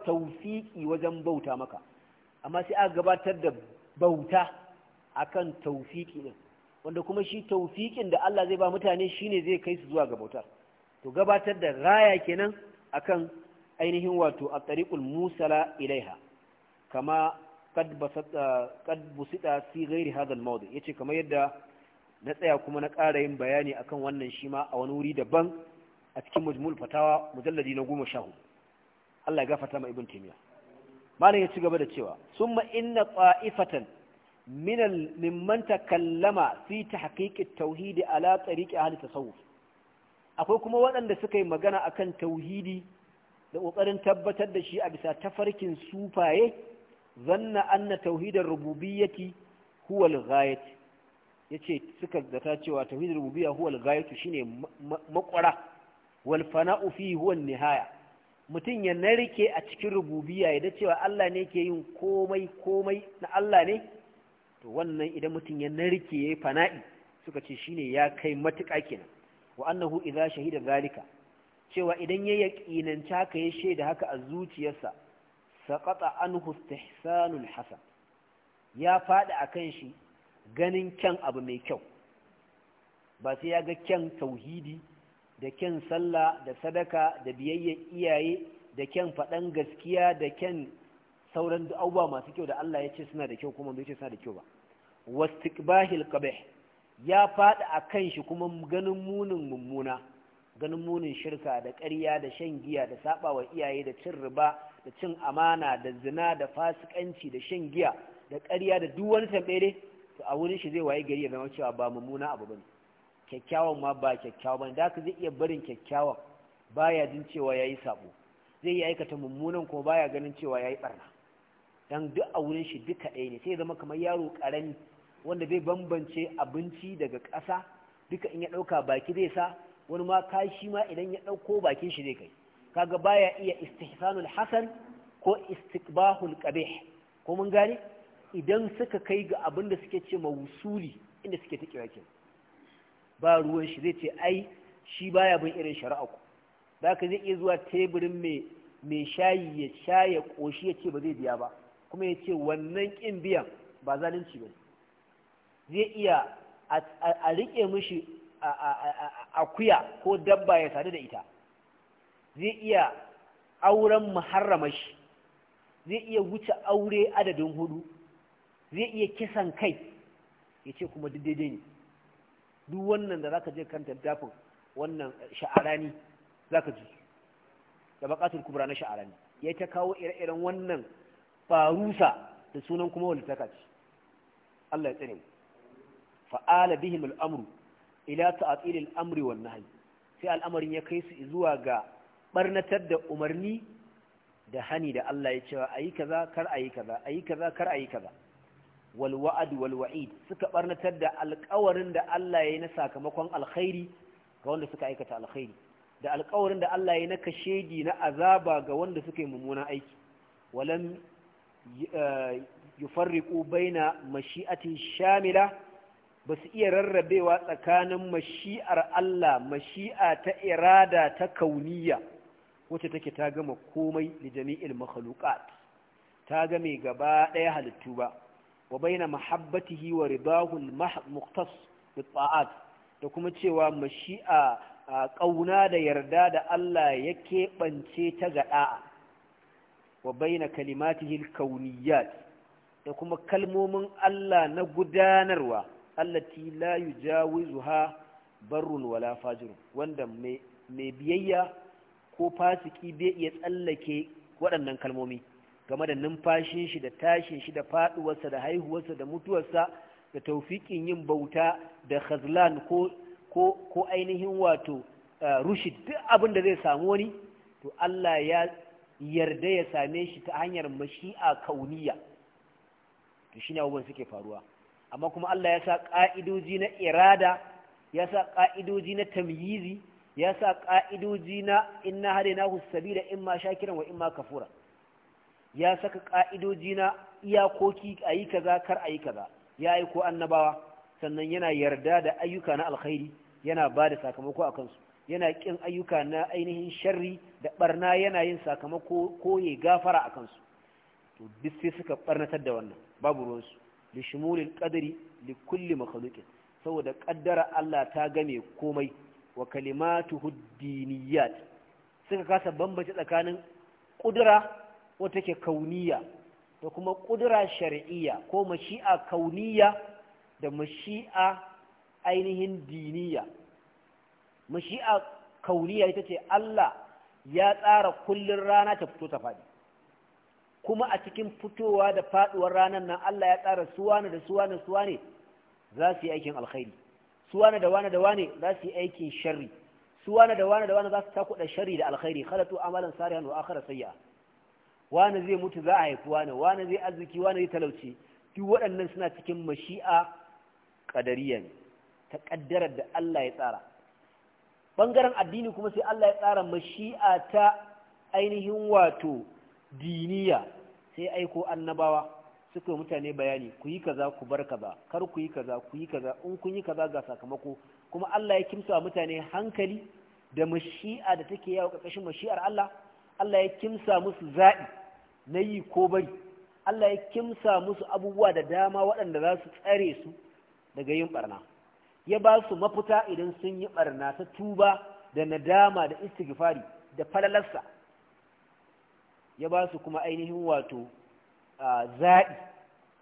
[SPEAKER 1] wajen bauta maka amma sai aka gabatar da bauta akan taufiƙi din wanda kuma shi taufiƙin da Allah zai ba mutane shine zai kai su zuwa ga bautar to gabatar da raya kenan akan ainihin wato a tariqul musala ilaiha kama kad basata busita si gairi hadal yace kamar yadda na tsaya kuma na ƙara yin bayani akan wannan shi ma a wani wuri daban a cikin majmul fatawa mujalladi na goma sha hudu Allah ya gafarta ma ibn taymiya malam ya ci gaba da cewa ma inna qa'ifatan min mimman kallama fi ta at tauhidi ala tariqi ahli tasawuf akwai kuma waɗanda suka yi magana akan tauhidi da ƙoƙarin tabbatar da shi a bisa tafarkin sufaye zanna anna tauhidar rububiyyati huwa al-ghayat ya ce suka zata cewa tauhidul rububiya huwa al gayatu shine makwara wal fana'u huwa nihaya mutum ya narke a cikin rububiya ya da cewa Allah ne ke yin komai komai na Allah ne to wannan idan mutum ya narke yayi fana'i suka ce shine ya kai matuƙa kenan wa annahu idza shahida zalika cewa idan ya yaƙinanci haka ya shaida haka a zuciyarsa saqata anhu istihsanul hasan ya faɗi akan shi ganin kyan abu mai kyau ba sai ya ga kyan tauhidi da kyan sallah da sadaka da biyayya iyaye da kyan faɗan gaskiya da kyan sauran abubuwa masu kyau da Allah ya ce suna da kyau kuma bai ce suna da kyau ba wastiqbahil qabih ya faɗi a kan shi kuma ganin munin mummuna ganin munin shirka da ƙarya da shan giya da sabawa iyaye da cin riba da cin amana da zina da fasikanci da shan giya da ƙarya da duk wani tambaye a wurin shi zai waye gari ya zama cewa ba mummuna abu bane kyakkyawan ma ba kyakkyawa bane da haka zai iya barin kyakkyawan baya jin cewa yayi sabo zai iya aikata mummunan ko baya ganin cewa yayi barna dan duk a wurin shi duka ɗaya ne sai zama kamar yaro karami wanda zai bambance abinci daga ƙasa duka in ya ɗauka baki zai sa wani ma kashi ma idan ya ɗauko bakin shi zai kai kaga baya iya istihsanul hasan ko istiqbahul qabih ko mun gane idan suka kai ga abin da suke ce mawusuli inda suke ta kirakin ba ruwan shi zai ce ai shi baya bin irin shari'a ku da ka zai iya zuwa teburin mai shayi ya sha ya ƙoshi ya ce ba zai biya ba kuma ya ce wannan ƙin biyan ba zalunci ba zai iya a riƙe mishi akuya ko dabba ya sadu da ita zai iya auren muharrama shi zai iya wuce aure adadin hudu zai iya kisan kai ya ce kuma duk daidai ne duk wannan da za ka je kan tattafin wannan sha'arani za ka ji da kubra na sha'arani ya ta kawo ire-iren wannan farusa da sunan kuma wani taka ce Allah ya tsare mu fa'ala bihim al'amru ila tsirin amri wan nahyi sai al'amarin ya kai su zuwa ga barnatar da umarni da hani da Allah ya cewa ayi kaza kar ayi kaza ayi kaza kar ayi kaza Walwa'ad wa'd suka ɓarnatar da alƙawarin da Allah ya yi na sakamakon alkhairi ga wanda suka aikata alkhairi da alƙawarin da Allah ya yi na kashedi na azaba ga wanda suka yi mummunan aiki walam eh, yufarriqu baina mashi'atin shamila ba su iya rarrabewa tsakanin mashi'ar Allah mashi'a ta irada ta kauniya wacce take ta gama komai da jami'il makhluqat ta game gaba ɗaya halittu ba wa baina mahabbatihi wa ridahu da kuma cewa mashi'a kauna da yarda da Allah ya keɓance ta ga da'a wa baina kalimatihi al da kuma kalmomin Allah na gudanarwa allati la yujawizuha barrun wala fajirun wanda mai biyayya ko fasiki bai iya tsallake waɗannan kalmomi game da numfashin shi da tashin shi da faduwarsa da haihuwarsa da mutuwarsa da taufikin yin bauta da khazlan ko ko ko ainihin wato uh, rushid duk abin da zai samu wani to Allah ya yarda ya same shi ta hanyar mashi'a kauniya to shine abubuwan suke faruwa amma kuma Allah ya sa ka'idoji na irada ya sa ka'idoji na tamyizi ya sa ka'idoji na inna hadainahu sabila imma shakiran wa imma kafura ya saka ƙa'idoji na iyakoki a yi kaza kar a yi kaza ya aiko annabawa sannan yana yarda da ayyuka na alkhairi yana ba da sakamako a kansu yana kin ayyuka na ainihin sharri da ɓarna yana yin sakamako ko ya gafara a kansu to duk sai suka barnatar da wannan babu ruwansu li shimulin ƙadari li kulli makhluqin saboda kaddara Allah ta game komai wa kalimatu diniyat suka kasa bambance tsakanin kudura wata take kauniya da kuma ƙudura shari'iyya ko mashi'a kauniya da mashi'a ainihin diniya mashi'a kauniya ita ce Allah ya tsara kullun rana ta fito ta faɗi kuma a cikin fitowa da faɗuwar ranar nan Allah ya tsara wane da su wane za su yi aikin alkhairi wane da wane da wane za su yi aikin sharri wane da wane da wane za su takuɗa shari da alkhairi khalatu amalan sarihan wa akhara sayya wane zai mutu za a haifi wane wane zai arziki wane zai talauci duk waɗannan suna cikin mashi'a ƙadariya ne ta ƙaddarar da Allah ya tsara ɓangaren addini kuma sai Allah ya tsara mashi'a ta ainihin wato diniya sai aiko annabawa suka mutane bayani ku yi kaza ku bar kaza kar ku yi kaza ku yi kaza in kun yi kaza ga sakamako kuma Allah ya kimsa mutane hankali da mashi'a da take yawo ƙarƙashin mashi'ar Allah Allah ya kimsa musu zaɓi na yi ko bari Allah ya kimsa musu abubuwa da dama waɗanda za su tsare su daga yin ɓarna. ya ba su mafuta idan sun yi ɓarna ta tuba da nadama da istighfari da falalarsa ya ba su kuma ainihin wato zaɓi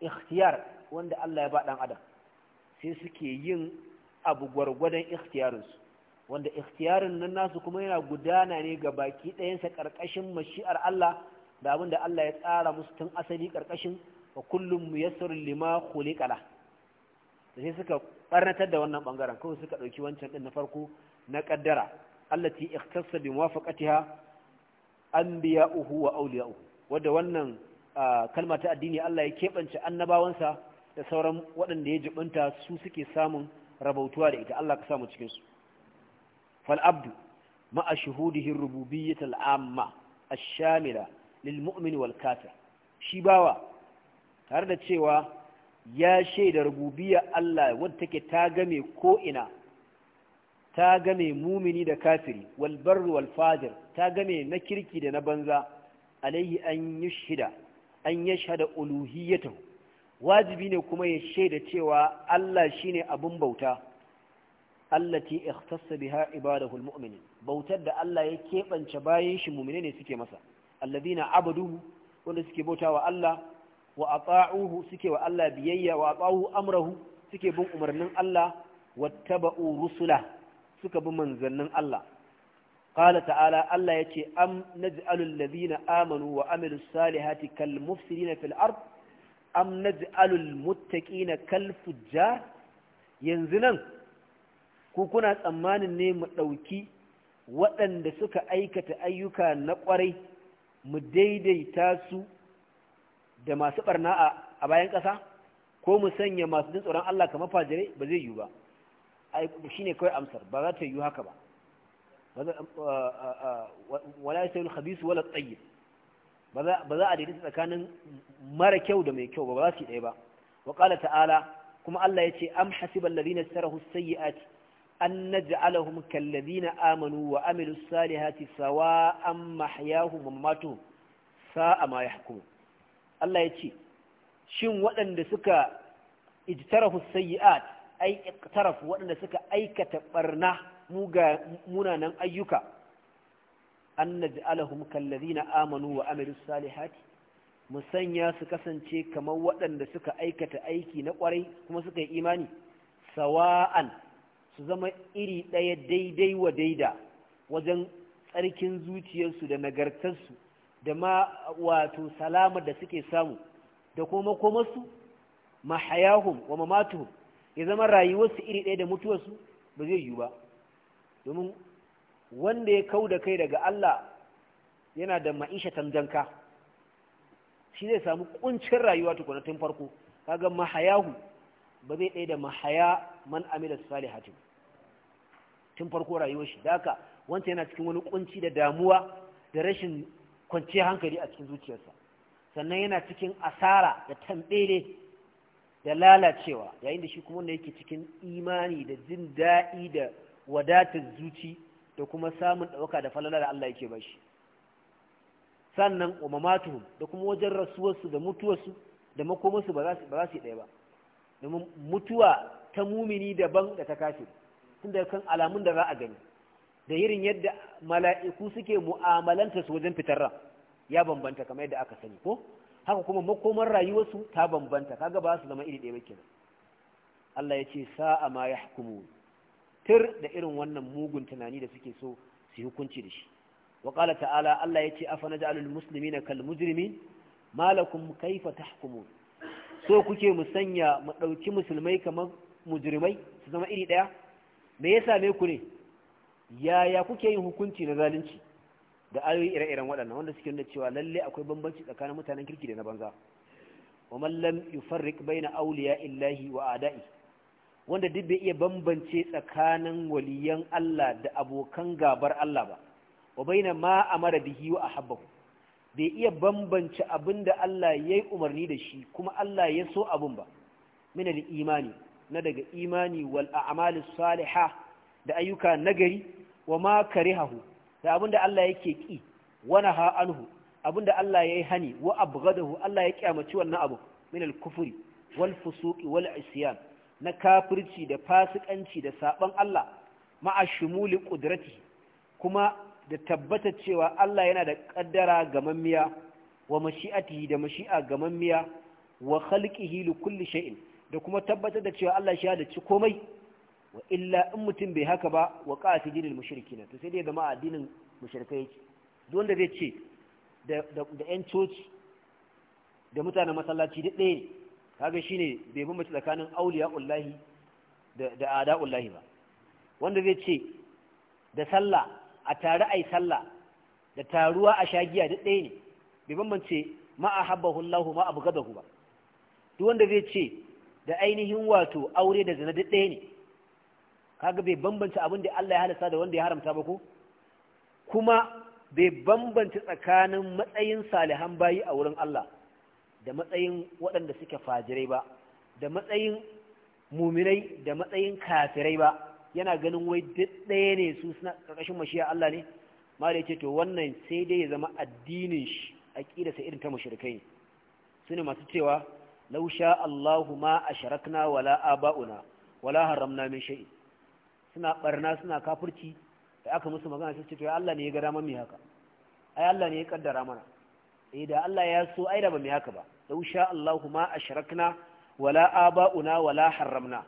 [SPEAKER 1] ikhtiyar wanda Allah ya ba ɗan adam sai suke yin abu gwargwadon ikhtiyarinsu wanda ikhtiyarin nan nasu kuma yana gudana ne ga baki ɗayansa ƙarƙashin mashi'ar Allah da abin da Allah ya tsara musu tun asali karkashin wa kullum muyassar lima khuliqala da sai suka barnatar da wannan bangaren kawai suka dauki wancan din na farko na kaddara allati ikhtassa bi muwafaqatiha anbiya'uhu wa uhu wanda wannan kalma ta addini Allah ya kebance annabawansa da sauran waɗanda ya jibinta su suke samun rabautuwa da ita Allah ka samu cikin su fal abdu ma'a ashhudihi rububiyyatil Amma ash-shamila lil mu'min wal shi bawa tare da cewa ya shaida rububiyar Allah wadda take ta game ko ina ta game mumini da kafiri wal barr wal fajir ta game na kirki da na banza alaihi an yushhida an yashhada uluhiyatahu wajibi ne kuma ya shaida cewa Allah shine abun bauta allati ikhtassa biha ibadahu almu'minin bautar da Allah ya keɓance bayan shi mu'mine ne suke masa allazina abaduhu wanda suke wa Allah wa ata'uhu suke wa Allah biyayya wa ata'uhu amrahu suke bin umarnin Allah wattaba'u rusula suka bi manzannin Allah qala ta'ala Allah yace am naj'alu allazina amanu wa amilus salihati kal mufsidina fil ard am naj'alu al muttaqina kal fujjar yanzu nan Ku kuna tsammanin ne mu dauki waɗanda suka aikata ayyuka na ƙwarai mu daidaita su da masu barna a bayan ƙasa ko mu sanya masu jin tsoron Allah kamar fajirai ba zai yiwu ba shi ne kawai amsar ba za ta yiwu haka ba uh, uh, uh, wala ya sayi khabisu wala tsayi ba za a daidaita tsakanin mara kyau da mai kyau ba ba za su yi ɗaya ba wa ta'ala kuma Allah ya ce am hasiban ladina sarahu sayyi'ati an naj'alahum kalladhina amanu wa amilus salihati sawa'an mahyahum wa sa'a ma yahkum Allah ce, shin waɗanda suka ijtarahu sayyi'at ay iqtarafu waɗanda suka aikata barna muga munanan ayyuka an naj'alahum kalladhina amanu wa amilus salihati musanya su kasance kamar waɗanda suka aikata aiki na ƙwarai kuma suka yi imani sawa'an su zama iri ɗaya daidai wa daida wajen tsarkin zuciyarsu da nagartarsu da ma wato salama da suke samu da kuma makomarsu mahayahum wa mamatuhum ya zama rayuwarsu iri ɗaya da mutuwarsu ba zai yiwu ba domin wanda ya kau da kai daga Allah yana da ma'isha tanjanka shi zai samu kuncin rayuwa tukuna tun farko kaga mahayahu ba zai ɗaya da mahaya man amila salihati tun farko rayuwar shi da haka wancan yana cikin wani kunci da damuwa da rashin kwanciyar hankali a cikin zuciyarsa sannan yana cikin asara da tambele da lalacewa yayin da shi kuma wanda yake cikin imani da jin daɗi da wadatar zuci da kuma samun ɗauka da falala da Allah yake bashi sannan umamatuhum da kuma wajen rasuwarsu da mutuwarsu da makomarsu ba za su yi ɗaya ba domin mutuwa ta mumini daban da ta kafiri tun daga kan alamun da za a gani da irin yadda mala'iku suke mu'amalanta su wajen fitar ran ya bambanta kamar yadda aka sani ko haka kuma makomar rayuwarsu ta bambanta kaga ba su zama iri ɗaya ba kenan Allah ya ce sa'a ma yahkumun tir da irin wannan mugun tunani da suke so su hukunci da shi wa qala ta'ala Allah ya ce afa naj'alul muslimina kal mujrimin malakum kaifa tahkumun so kuke mu sanya mu dauki musulmai kamar mujrimai su zama iri ɗaya? me ya same ku ne yaya kuke yin hukunci na zalunci da ayoyi ire-iren waɗannan wanda suke nuna cewa lalle akwai bambanci tsakanin mutanen kirki da na banza wa mallam yufarriq baina awliya illahi wa ada'i wanda duk bai iya bambance tsakanin waliyan Allah da abokan gabar Allah ba wa baina ma amara bihi wa ahabbahu bai iya bambance abinda Allah yayi umarni da shi kuma Allah ya so abun ba min al-imani na daga imani wal a'malu saliha da ayyuka nagari wa ma karihahu da abinda Allah yake ki wa naha anhu abinda Allah yayi hani wa abghadahu Allah ya kiyamaci wannan abu min al kufri wal fusuqi wal isyan na kafirci da fasikanci da saban Allah ma'a shumuli qudratihi kuma da tabbata cewa Allah yana da kaddara gamammiya wa mashi'ati da mashi'a gamammiya wa khalqihi li kulli shay'in da kuma tabbatar da cewa Allah shi ya dace komai wa illa in mutum bai haka ba wa qati dinil na. to sai dai zama addinin mushrikai yake don da zai ce da da yan coci da mutanen masallaci da ɗaya ne kaga shine bai bambanci tsakanin ullahi da da ullahi ba wanda zai ce da sallah a tare ai sallah da taruwa a shagiya da ɗaya ne bai bambance ma ahabbahu Allah ma abghadahu ba duk wanda zai ce da ainihin wato aure da zina duk ɗaya ne kaga bai bambanta abin da Allah ya halasta da wanda ya haramta ba ko kuma bai bambanta tsakanin matsayin salihan bayi a wurin Allah da matsayin waɗanda suke fajirai ba da matsayin muminai da matsayin kafirai ba yana ganin wai duk ɗaya ne su suna ƙarƙashin mashiya Allah ne ma ce to wannan sai dai ya zama addinin shi aƙidarsa irin ta mushrikai sune masu cewa law sha Allahu ma ashrakna wala aba'una wala haramna min shay'in suna barna suna kafirci da aka musu magana sai to Allah ne ya ga mu mai haka ai Allah ne ya kaddara mana eh da Allah ya so ai da ba mai haka ba law sha Allahu ma ashrakna wala aba'una wala haramna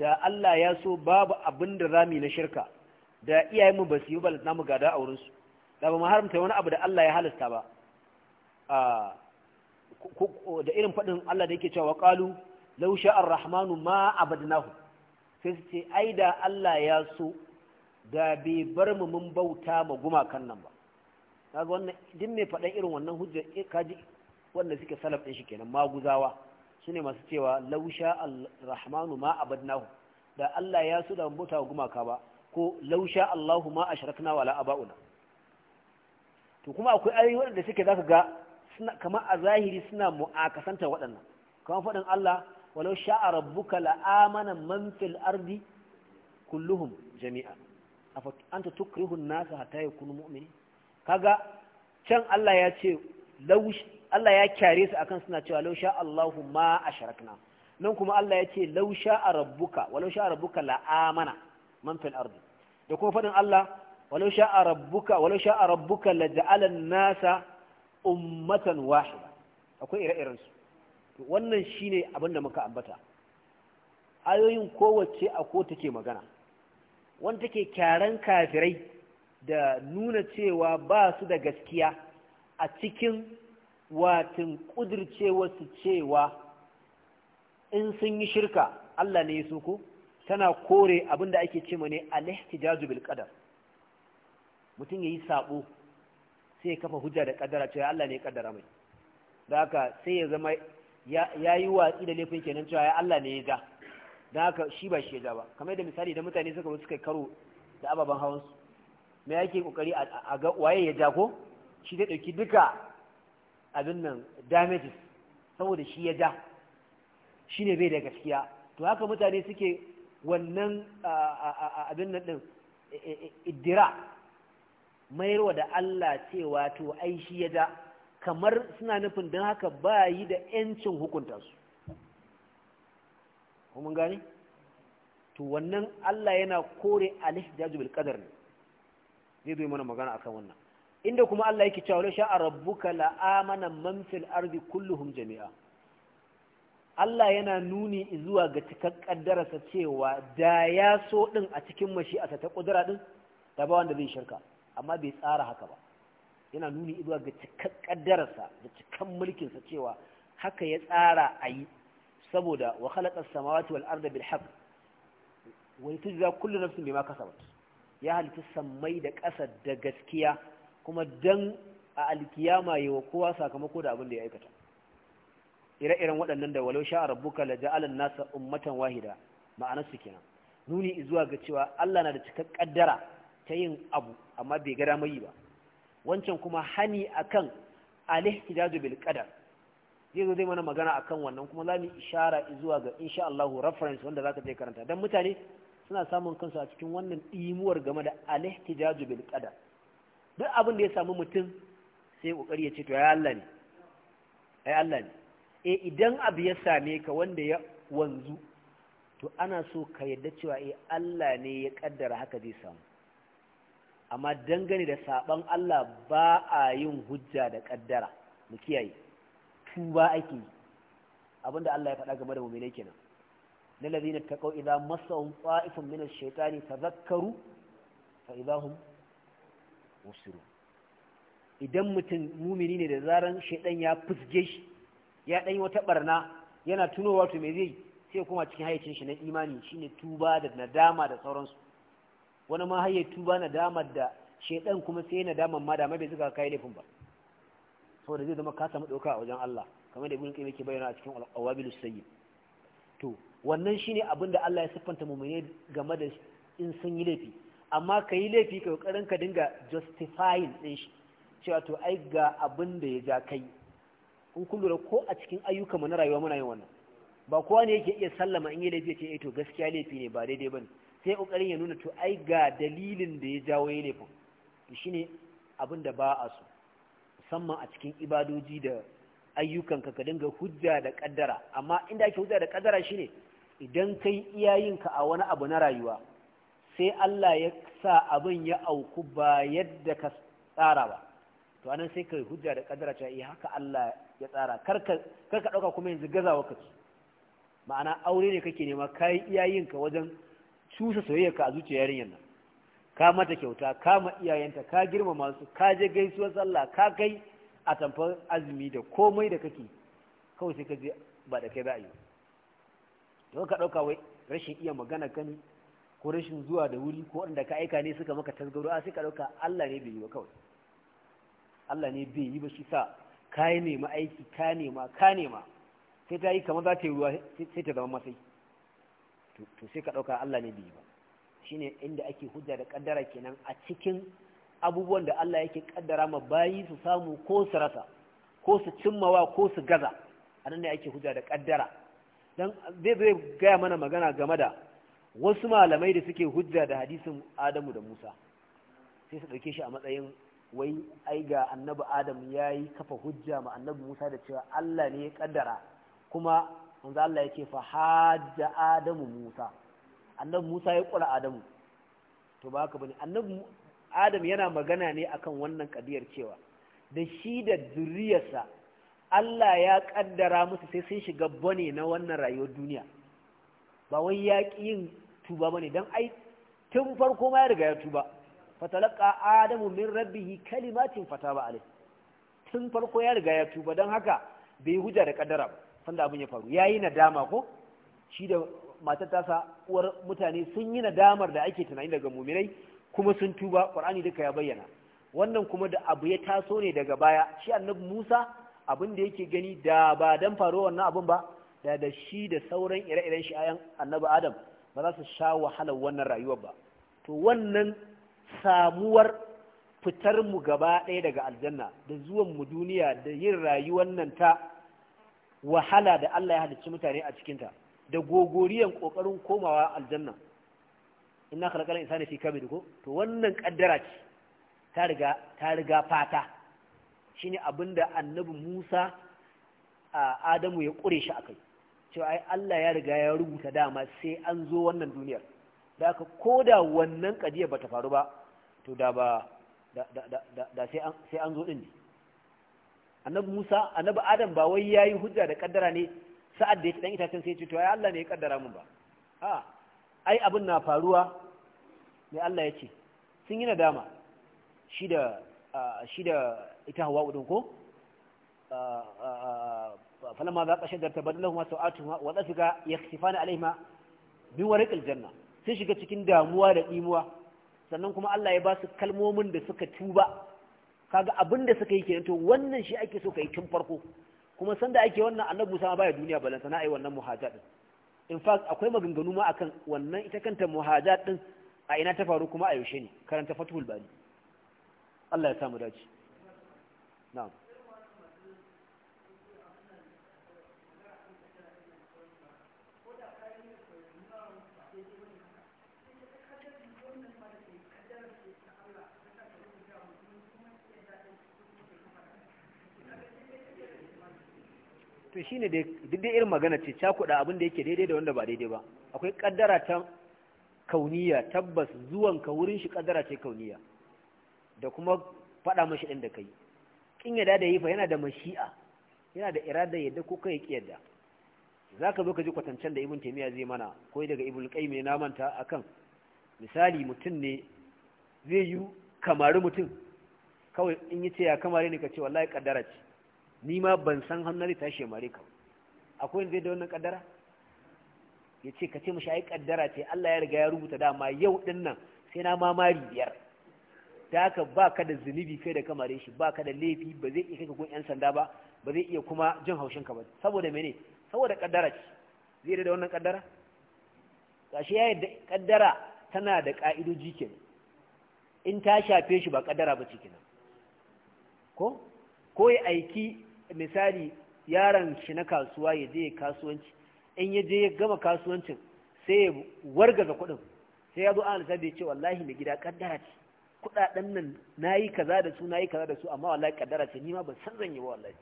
[SPEAKER 1] da Allah ya so babu abin da rami na shirka da iyayen mu ba su yi ba na mu gada a su da ba mu haramta wani abu da Allah ya halasta ba da irin faɗin Allah da yake cewa qalu law sha'a ar-rahmanu ma abadnahu sai su ce ai da Allah ya so da bai bar mu mun bauta ma gumakan nan ba kaga wannan din mai faɗan irin wannan hujja eh, kaji wanda suke salaf din shi kenan maguzawa shine masu cewa law sha'a ar-rahmanu ma abadnahu da Allah ya so da mun bauta gumaka ba ko law Allahu ma ashrakna wala aba'una to kuma akwai ayoyi waɗanda suke zaka ga kama a zahiri suna mu'akasanta waɗannan kama faɗin Allah walau sha'a rabbuka la'amana man fil ardi kulluhum jami'a afa anta tukrihu an-nasa hatta yakunu mu'minin kaga can Allah ya ce law Allah ya kyare su akan suna cewa law sha'a Allahu ma asharakna nan kuma Allah ya ce law sha'a rabbuka walau sha'a rabbuka la'amana man fil ardi da kuma faɗin Allah walau sha'a rabbuka walau sha'a rabbuka laja'ala nasa ummatan wahida akwai ire-iren su wannan shine abin da muka ambata ayoyin kowace a ko take magana wanda take kyaran kafirai da nuna cewa ba su da gaskiya a cikin watin kudirce su cewa in sun yi shirka Allah ne ya ko tana kore abin da ake ce ne a ihtijaju bil qadar mutum ya yi sabo sai kafa hujja da kaddara cewa Allah ne ya kaddara mai da haka sai ya zama ya yi watsi da laifin kenan cewa ya Allah ne ya ja da haka shi ba shi ya ja ba kamar da misali da mutane suka suka karo da ababen hawan su me yake kokari a ga waye ya ja ko shi zai dauki duka abin nan damages saboda shi ya ja shine bai da gaskiya to haka mutane suke wannan abin nan din iddira Mayar wa da Allah cewa to ai shi ya da kamar suna nufin don haka ba yi da ‘yancin hukunta su mun gane? to wannan Allah yana kore alihjaju bil kadar ne zai zo mana magana akan wannan inda kuma Allah yake cewa sha rabbuka ka amana man kulluhum jami'a Allah yana nuni zuwa ga cikar kaddararsa cewa da ya so din a cikin mashi a ta kudura din da ba wanda zai shirka amma bai tsara haka ba yana nuni izuwa ga cikar kaddararsa da cikan mulkinsa cewa haka ya tsara a yi saboda wa khalaqa samawati wal arda bil za wa tujza kullu nafsin bima kasabat ya halitta sammai da ƙasa da gaskiya kuma dan a alkiyama wa kowa sakamako da abin da ya aikata ire-iren waɗannan da walau sha'ar rabbuka la ja'alan nasa ummatan wahida ma'anar su kenan nuni zuwa ga cewa Allah na da cikar kaddara ta yin abu amma bai ga mai ba wancan kuma hani akan alihtijaju bil qadar zai zo zai mana magana akan wannan kuma za mu ishara zuwa ga insha Allah reference wanda zaka je karanta dan mutane suna samun kansu a cikin wannan dimuwar game da alihtijaju bil qadar duk abin da ya samu mutum sai kokari ya ce to ya Allah ne ai Allah ne eh idan abu ya same ka wanda ya wanzu to ana so ka yadda cewa eh Allah ne ya kaddara haka zai samu amma dangane da saban Allah ba a yin hujja da kaddara mu kiyaye tuba ake abinda Allah ya faɗa game da mu'minai kenan na kau idan idza massahum ta'ifun min ash-shaytani ta fa idza hum musuru idan mutum mumini ne da zaran shaiɗan ya fusge shi ya ɗanyi wata barna yana tunowa to mai zai sai kuma cikin hayyacin shi na imani shine tuba da nadama da sauransu wani ma har ya na nadamar da shedan kuma sai na damar ma da mai bai zuka kai laifin ba saboda zai zama ka samu dauka a wajen Allah kamar da ibn qayyim yake bayyana a cikin awabilus sayyid to wannan shine abin da Allah ya siffanta mu'mini game da in sun yi laifi amma ka yi laifi ka kokarin ka dinga justifying din shi cewa to ai ga abin da ya ja kai in kun lura ko a cikin ayyuka mu na rayuwa muna yin wannan ba kowa ne yake iya sallama in yi laifi ya ce eh to gaskiya laifi ne ba daidai bane sai ƙoƙarin ya nuna to ai ga dalilin da ya jawo ya nufin to ne abin da ba a so musamman a cikin ibadoji da ayyukan ka ka dinga hujja da ƙaddara. amma inda ake hujja da shi shine idan kai iyayenka a wani abu na rayuwa sai Allah ya sa abin ya auku ba yadda ka tsara ba to anan sai ka hujja da ƙaddara cewa eh haka Allah ya tsara karka ka ɗauka kuma yanzu gazawa kace ma'ana aure ne kake nema kai iyayenka wajen cusa soyayyarka a zuciyar yarinyar nan ka mata kyauta ka ma iyayenta ka girmama masu ka je gaisuwar sallah ka kai a tamfar azumi da komai da kake kawai sai ka je ba da kai ra'ayi to ka dauka wai rashin iya magana kan ko rashin zuwa da wuri ko wanda ka aika ne suka maka tasgaro a sai ka dauka Allah ne bai yi ba kawai Allah ne bai yi ba shi sa ne ma aiki ka nema ka nema sai ta yi kamar za ta yi ruwa sai ta zama masai to sai ka ɗauka Allah ne bai ba shine inda ake hujja da kaddara kenan a cikin abubuwan da Allah yake kaddara ma bayi su samu ko su rasa ko su cimmawa ko su gaza anan ne ake hujja da kaddara dan zai zai gaya mana magana game da wasu malamai da suke hujja da hadisin Adamu da Musa sai su ɗauke shi a matsayin wai ai ga annabi Adam yi kafa hujja ma annabi Musa da cewa Allah ne ya kaddara kuma manzo Allah yake fa hajja adamu musa annabi musa ya kula adamu to ba ka bane annabi adam yana magana ne akan wannan ƙadiyar cewa da shi da zuriyarsa Allah ya kaddara musu sai sun shiga bane na wannan rayuwar duniya ba wai ya yin tuba bane dan ai tun farko ma ya riga ya tuba fatalaqa adamu min rabbihi kalimatin fataba alayh tun farko ya riga ya tuba dan haka bai huja da kaddara ba sanda abin ya faru ya yi nadama ko shi da matar tasa uwar mutane sun yi nadamar da ake tunani daga muminai kuma sun tuba ƙwar'ani duka ya bayyana wannan kuma da abu ya taso ne daga baya shi annabi musa abin da yake gani da ba dan faru wannan abin ba da da shi da sauran ire-iren shi ayan annabi adam ba za su sha wahalar wannan rayuwar ba to wannan samuwar fitar mu gaba ɗaya daga aljanna da zuwan mu duniya da yin rayuwar nan ta wahala da Allah ya halicci mutane a cikinta da gogoriyan kokarin komawa aljanna inna khalaqal insana fi kabid ko to wannan kaddara ce ta riga ta riga fata shine abinda annabi Musa a Adamu ya kure shi akai cewa ai Allah ya riga ya rubuta dama sai an zo wannan duniyar da aka koda wannan ba bata faru ba to da ba da sai an zo din annabi Musa annabi Adam ba wai yayi hujja da kaddara ne sa'ad da ya ci dan itacen sai ya ce to ai Allah ne ya kaddara mu ba a ai abin na faruwa ne Allah ya ce sun yi nadama shi da shi da ita hawa udun ko falamma za ka shaddar tabadallahu ma sa'atu wa dafika yakhsifana alaihima bi warqil janna sun shiga cikin damuwa da imuwa sannan kuma Allah ya ba su kalmomin da suka tuba kaga abin da suka yi kenan to wannan shi ake so ka yi tun farko kuma sanda ake wannan annabi Musa baya duniya balanta na ai wannan muhaja in fact akwai maganganu ma akan wannan ita kanta muhaja din a ina ta faru kuma a yaushe ne karanta fathul bari Allah ya samu dace na'am to shine da duk dai irin magana ce cakuda abin da yake daidai da wanda ba daidai ba akwai kaddara ta kauniya tabbas zuwan ka wurin shi kaddara ce kauniya da kuma fada mashi ɗin da kai kin yada da yi yana da mashi'a yana da irada yadda ko kai ki yadda zaka zo ka ji kwatancen da ibn taymiya zai mana ko daga ibn qayyim ne na manta akan misali mutum ne zai yi kamari mutum kawai in yi ce ya kamare ne ka ce wallahi kaddara ce ni ma ban san hannun ta shi mare ka akwai zai da wannan kaddara ya ce ka ce mashi ai kaddara ce Allah ya riga ya rubuta dama yau din nan sai na mamari biyar ta haka ba ka da zunubi kai da kamare shi ba ka da laifi ba zai iya kai gun yan sanda ba ba zai iya kuma jin haushin ka ba saboda mene saboda kaddara ce zai da wannan kaddara gashi ya yadda kaddara tana da ka'idoji kenan in ta shafe shi ba kaddara ba ce kenan ko ko ya aiki misali yaron shi na kasuwa ya je kasuwanci in ya je ya gama kasuwancin sai ya wargaza kuɗin sai ya zo an lissafi ya ce wallahi mai gida kaddara ce kuɗaɗen nan na yi kaza da su na yi kaza da su amma wallahi kaddara ce ni ma ban san zan yi ba wallahi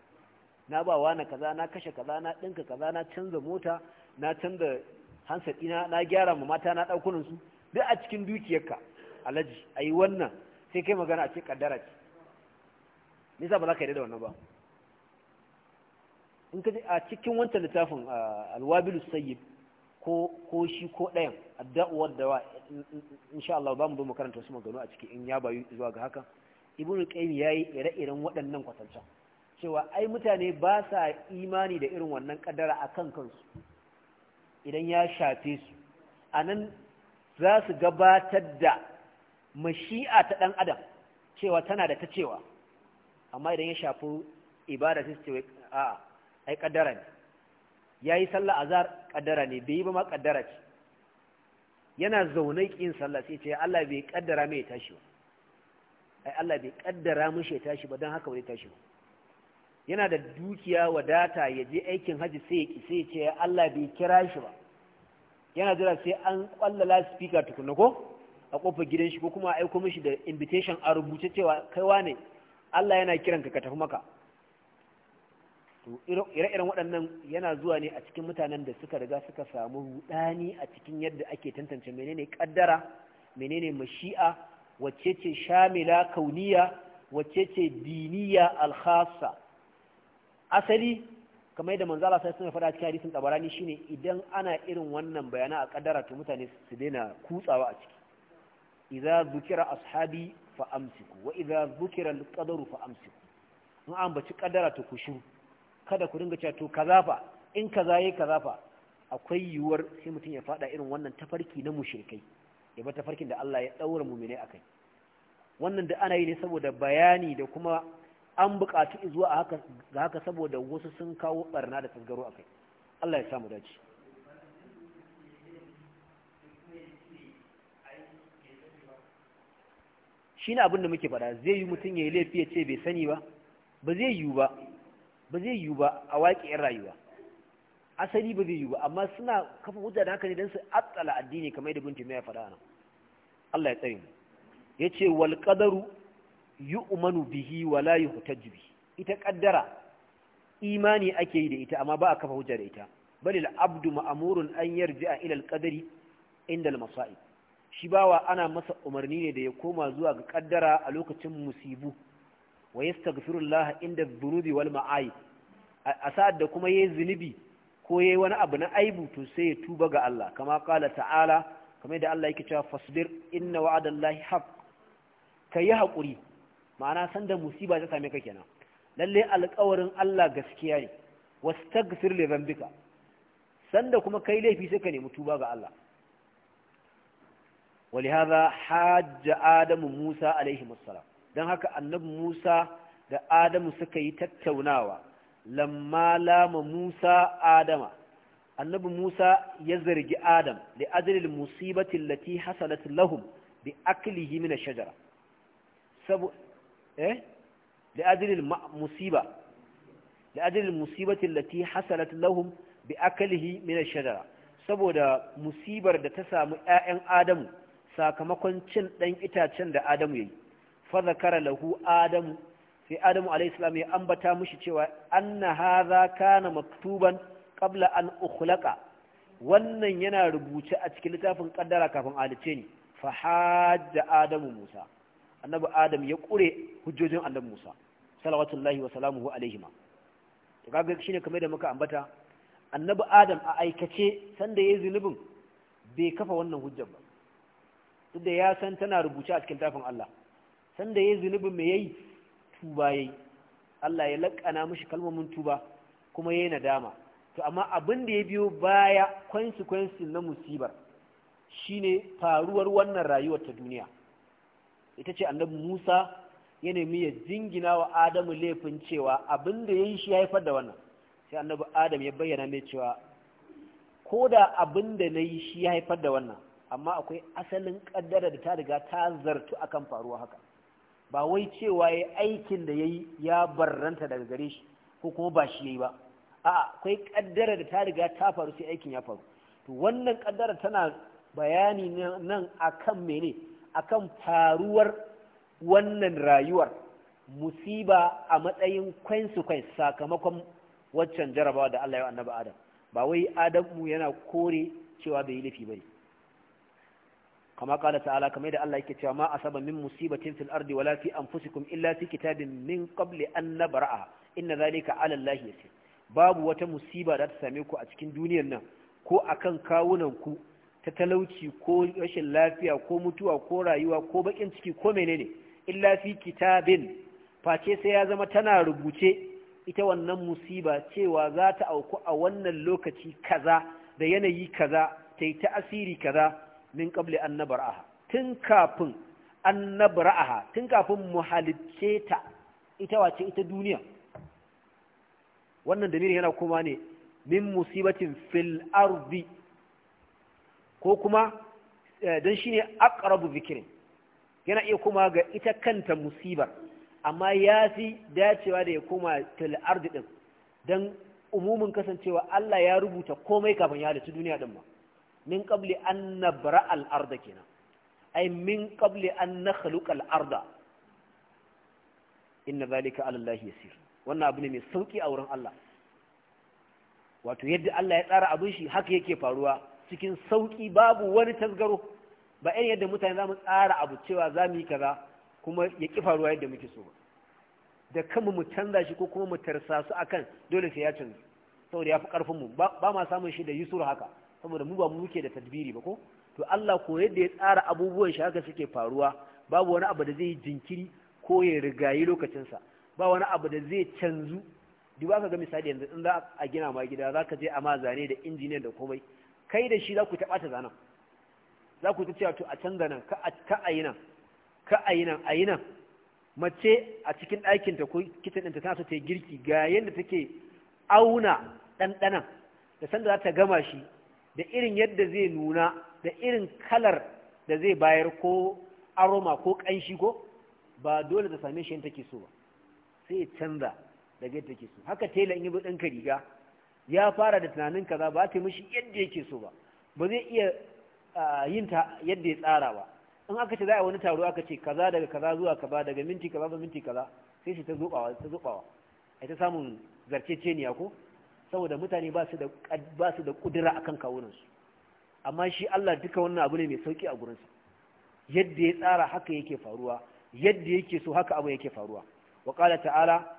[SPEAKER 1] na ba wani kaza na kashe kaza na ɗinka kaza na canza mota na canza hansa ɗina na gyara ma mata na ɗaukunan su duk a cikin dukiyarka alhaji a yi wannan sai kai magana a ce kaddara ce nisa ba za ka yi da wannan ba in ka a cikin wancan littafin alwabilu sayyib ko ko shi ko ɗayan adda'uwar da insha Allah ba mu zo makaranta su maganu a ciki in ya bayu zuwa ga haka ibnu qayyim yayi ire-iren waɗannan kwatancan cewa ai mutane ba sa imani da irin wannan kaddara akan kansu idan ya shafe su anan za su gabatar da mashi'a ta ɗan adam cewa tana da ta cewa amma idan ya shafi ibada sai su ce a'a ai kaddara ne yayi sallah azhar kaddara ne bai yi ba ma kaddara ce yana zaune kin sallah sai ce Allah bai kaddara mai tashi ba ai Allah bai kaddara mishi ya tashi ba dan haka bai tashi ba yana da dukiya wadata ya je aikin haji sai ya ki sai ce Allah bai kira shi ba yana jira sai an kwallala speaker tukunna ko a kofar gidan shi ko kuma aiko mishi da invitation a rubuce cewa kai wane Allah yana kiranka ka tafi maka to ire-iren waɗannan yana zuwa ne a cikin mutanen da suka riga suka samu rudani a cikin yadda ake tantance menene kaddara menene mashi'a wacce ce shamila kauniya wacce ce diniya alhassa asali kamar yadda manzala sai suna faɗa cikin hadisin tabarani shine idan ana irin wannan bayana a kaddara to mutane su daina kutsawa a ciki idza zukira ashabi fa amsiku wa idza zukira alqadaru fa amsiku in an baci kaddara to ku kada ku dinga cewa to kaza fa in kaza yayi kaza fa akwai yiwuwar sai mutum ya fada irin wannan tafarki na mushrikai ya bar tafarkin da Allah ya daura mu'mine akai wannan da ana yi ne saboda bayani da kuma an buƙatu zuwa haka ga haka saboda wasu sun kawo barna da tasgaro akai Allah ya samu dace shi ne abin da muke fada zai yi mutum ya yi laifi ya ce bai sani ba ba zai yiwu ba ba zai yiwu ba a waƙe yan rayuwa asali ba zai yiwu ba amma suna kafa hujja da haka ne don su atsala addini kamar yadda binti mai faɗa nan Allah ya tsare mu yace walƙadaru qadaru yu'manu bihi wa la yuhtaju ita ƙaddara imani ake yi da ita amma ba a kafa hujja da ita balil abdu ma'amurun an yarji'a ila al qadari inda al masa'ib shi bawa ana masa umarni ne da ya koma zuwa ga ƙaddara a lokacin musibu wa yastaghfirullah inda dhunubi wal ma'ayib a sa'ad da kuma yayi zunubi ko yayi wani abu na aibu to sai ya tuba ga Allah kama qala ta'ala kamar da Allah yake cewa fasbir inna wa'adallahi haqq kayi hakuri ma'ana sanda musiba ta same ka kenan lalle alƙawarin Allah gaskiya ne wastaghfir li dhanbika sanda kuma kai laifi sai ka nemi tuba ga Allah ولهذا حاج آدم موسى عليه السلام don haka annabi Musa da Adamu suka yi tattaunawa lamma lama Musa Adama annabi Musa ya zargi Adam da ajilil musibati allati hasalat lahum bi aklihi min ash-shajara sabu eh da ajilil musiba da ajilil musibati allati hasalat lahum bi aklihi min ash-shajara saboda musibar da ta samu ƴaƴan Adamu sakamakon cin ɗan itacen da Adamu ya yi. fa zakara lahu adamu sai adamu alaihissalam ya ambata mushi cewa anna hadha kana maktuban qabla an ukhlaqa wannan yana rubuce a cikin littafin kaddara kafin alice ni fa hajja adamu musa annabi adam ya kure hujjojin annabi musa salawatullahi wa salamuhu alaihima to kaga shine kamar da muka ambata annabi adam a aikace sanda yayi zunubin bai kafa wannan hujjar ba duk da ya san tana rubuce a cikin littafin Allah sanda ya zunubi mai yayi tuba yayi Allah ya lakana mishi kalmomin tuba kuma yayi nadama to amma abin da ya biyo baya consequences na musibar shine faruwar wannan rayuwar ta duniya ita ce annabi Musa ya nemi ya jingina wa Adamu laifin cewa abin da yayi shi ya haifar da wannan sai annabi Adam ya bayyana mai cewa ko da abin da na yi shi haifar da wannan amma akwai asalin kaddara da ta riga ta zartu akan faruwa haka ba wai cewa ya aikin da ya yi ya barranta daga gare shi ko kuma ba shi ya yi ba a akwai kaddara da ta riga ta faru sai aikin ya faru to wannan kaddara tana bayani nan akan mene akan faruwar wannan rayuwar musiba a matsayin consequence sakamakon waccan jarabawa da Allah ya annabi Adam ba wai Adamu yana kore cewa bai yi laifi bane kama kala ta'ala kamar da Allah yake cewa ma asaba min musibatin fil ardi wala fi anfusikum illa fi kitabin min qabli an nabra'a inna zalika ala Allah yasir babu wata musiba da ta same ku a cikin duniyar nan ko akan kawunan ku ta talauci ko rashin lafiya ko mutuwa ko rayuwa ko bakin ciki ko menene illa fi kitabin face sai ya zama tana rubuce ita wannan musiba cewa za ta auku a wannan lokaci kaza da yanayi kaza ta yi asiri kaza min qabli an nabraha tun kafin an nabraha tun kafin mu ta ita wace ita duniya wannan damirin yana kuma ne min musibatin fil ardi ko kuma eh, dan shine aqrabu zikrin yana iya kuma ga ita kanta musibar amma ya fi dacewa da ya koma fil ardi din dan umumin kasancewa Allah ya rubuta komai kafin ya halitta duniya din ma min qabli an nabra al arda kenan ay min qabli an nakhluqa al arda inna zalika ala Allah yasir wannan abu ne mai sauki a wurin Allah wato yadda Allah ya tsara abin shi haka yake faruwa cikin sauki babu wani tasgaro ba irin yadda mutane za mu tsara abu cewa za mu yi kaza kuma ya ƙi faruwa yadda muke so ba da kanmu mu canza shi ko kuma mu tarsa su akan dole sai ya canza saboda ya fi ƙarfinmu ba ma samun shi da yusur haka saboda mu ba mu muke da tadbiri ba ko to Allah ko yadda ya tsara abubuwan shi haka suke faruwa babu wani abu da zai jinkiri ko ya rigayi lokacinsa ba wani abu da zai canzu ba ka ga misali yanzu in za a gina ma gida za ka je a ma zane da injiniyan da komai kai da shi za ku taɓa ta zanen za ku ta cewa to a canza nan ka a yi nan ka a yi nan a yi nan mace a cikin ɗakinta ko kitchen ɗinta tana so ta yi girki ga yadda take auna ɗanɗanan da sanda za ta gama shi da irin yadda zai nuna da irin kalar da zai bayar ko aroma ko ƙanshi ko ba dole ta same shi take so ba sai ya canza daga yadda take so haka tela in yi ka riga ya fara da tunanin kaza ba ta mishi yadda yake so ba ba zai iya yin ta yadda ya tsara ba in aka ce za a wani taro aka ce kaza daga kaza zuwa kaza daga minti kaza zuwa minti kaza sai shi ta zobawa ta zobawa ai ta samun ya ko saboda mutane ba su da ba a kan kudura akan kawunansu amma shi Allah duka wannan abu ne mai sauki a gurinsa yadda ya tsara haka yake faruwa yadda yake so haka abu yake faruwa wa qala ta'ala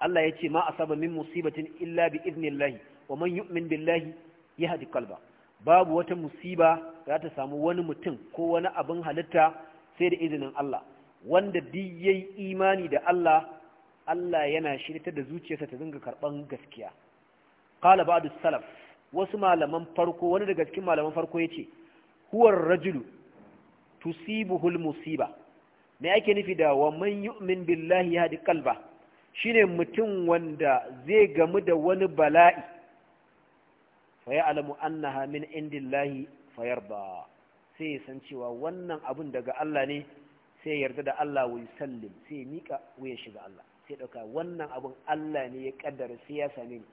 [SPEAKER 1] Allah yace ma asaba min musibatin illa bi idnillahi wa man yu'min billahi yahdi qalba babu wata musiba za ta samu wani mutum ko wani abin halitta sai da izinin Allah wanda duk yayi imani da Allah Allah yana shirita da zuciyarsa ta dinga karban gaskiya qala ba'du salaf wasu malaman farko wani daga cikin malaman farko yace huwar rajulu tusibuhul musiba me ake nufi da wa man yu'min billahi yahdi qalba shine mutum wanda zai gamu da wani bala'i fa ya'lamu annaha min indillahi fayarda sai san cewa wannan abun daga Allah ne sai yarda da Allah wa yusallim sai mika wuya shiga Allah sai dauka wannan abun Allah ne ya kaddara sai ya same ni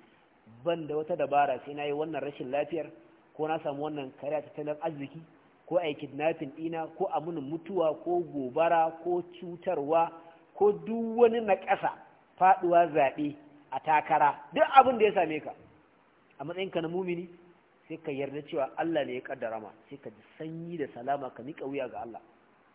[SPEAKER 1] ban da wata dabara sai na yi wannan rashin lafiyar ko na samu wannan kariya ta tattalin arziki ko a yi kidnapping ɗina ko a mun mutuwa ko gobara ko cutarwa ko duk wani na ƙasa faɗuwa zaɓe a takara duk abin da ya same ka a matsayinka na mumini sai ka yarda cewa Allah ne ya kaddara ma sai ka ji sanyi da salama ka miƙa wuya ga Allah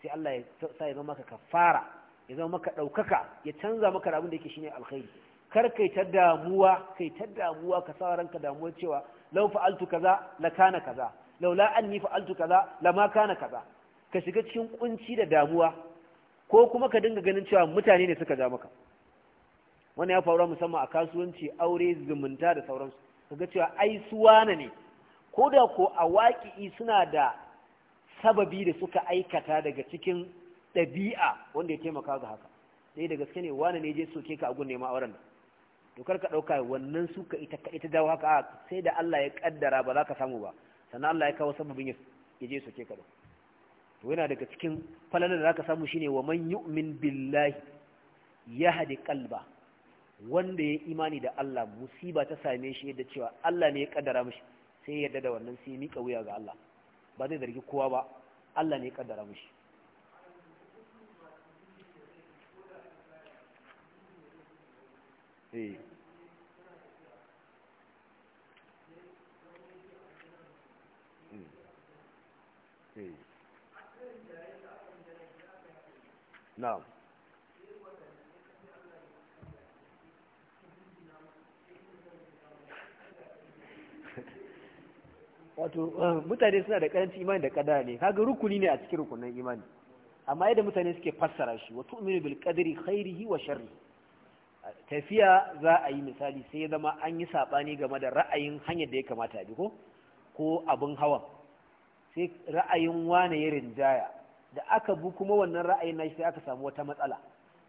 [SPEAKER 1] sai Allah ya sa ya zama maka kafara ya zama maka ɗaukaka ya canza maka abin da yake shine alkhairi kar kai ta damuwa kai ta damuwa ka sa ranka damuwa cewa law fa'altu kaza la kana kaza laula anni fa'altu kaza la ma kana kaza ka shiga cikin kunci da damuwa ko kuma ka dinga ganin cewa mutane ne suka ja maka wannan ya faru musamman a kasuwanci aure zumunta da sauransu ga cewa ai suwana ne ko da ko a waƙi'i suna da sababi da suka aikata daga cikin ɗabi'a wanda ya taimaka ga haka sai da gaske ne wane ne je soke ka a gunne auren nan to karka ɗauka wannan suka ita kaɗai ita dawo haka sai da Allah ya kaddara ba za ka samu ba sannan Allah ya kawo sababin ya je ke ka to yana daga cikin falalar da za ka samu shine wa man yu'min billahi yahdi qalba wanda ya imani da Allah musiba ta same shi yadda cewa Allah ne ya kaddara mishi sai ya yarda da wannan sai ya mika wuya ga Allah ba zai zargi kowa ba Allah ne ya kaddara mishi eh Eh. na'am wato eh, mutane suna da karanci imani da kada ne kaga rukuni ne a cikin rukunan imani amma yadda mutane suke fassara shi wato umarni bil qadri khairihi wa sharri tafiya za a yi misali sai ya zama an yi saɓani game da ra'ayin hanyar da ya kamata a ko ko abin hawan sai ra'ayin wane ya rinjaya da aka bu kuma wannan ra'ayin nashi sai aka samu wata matsala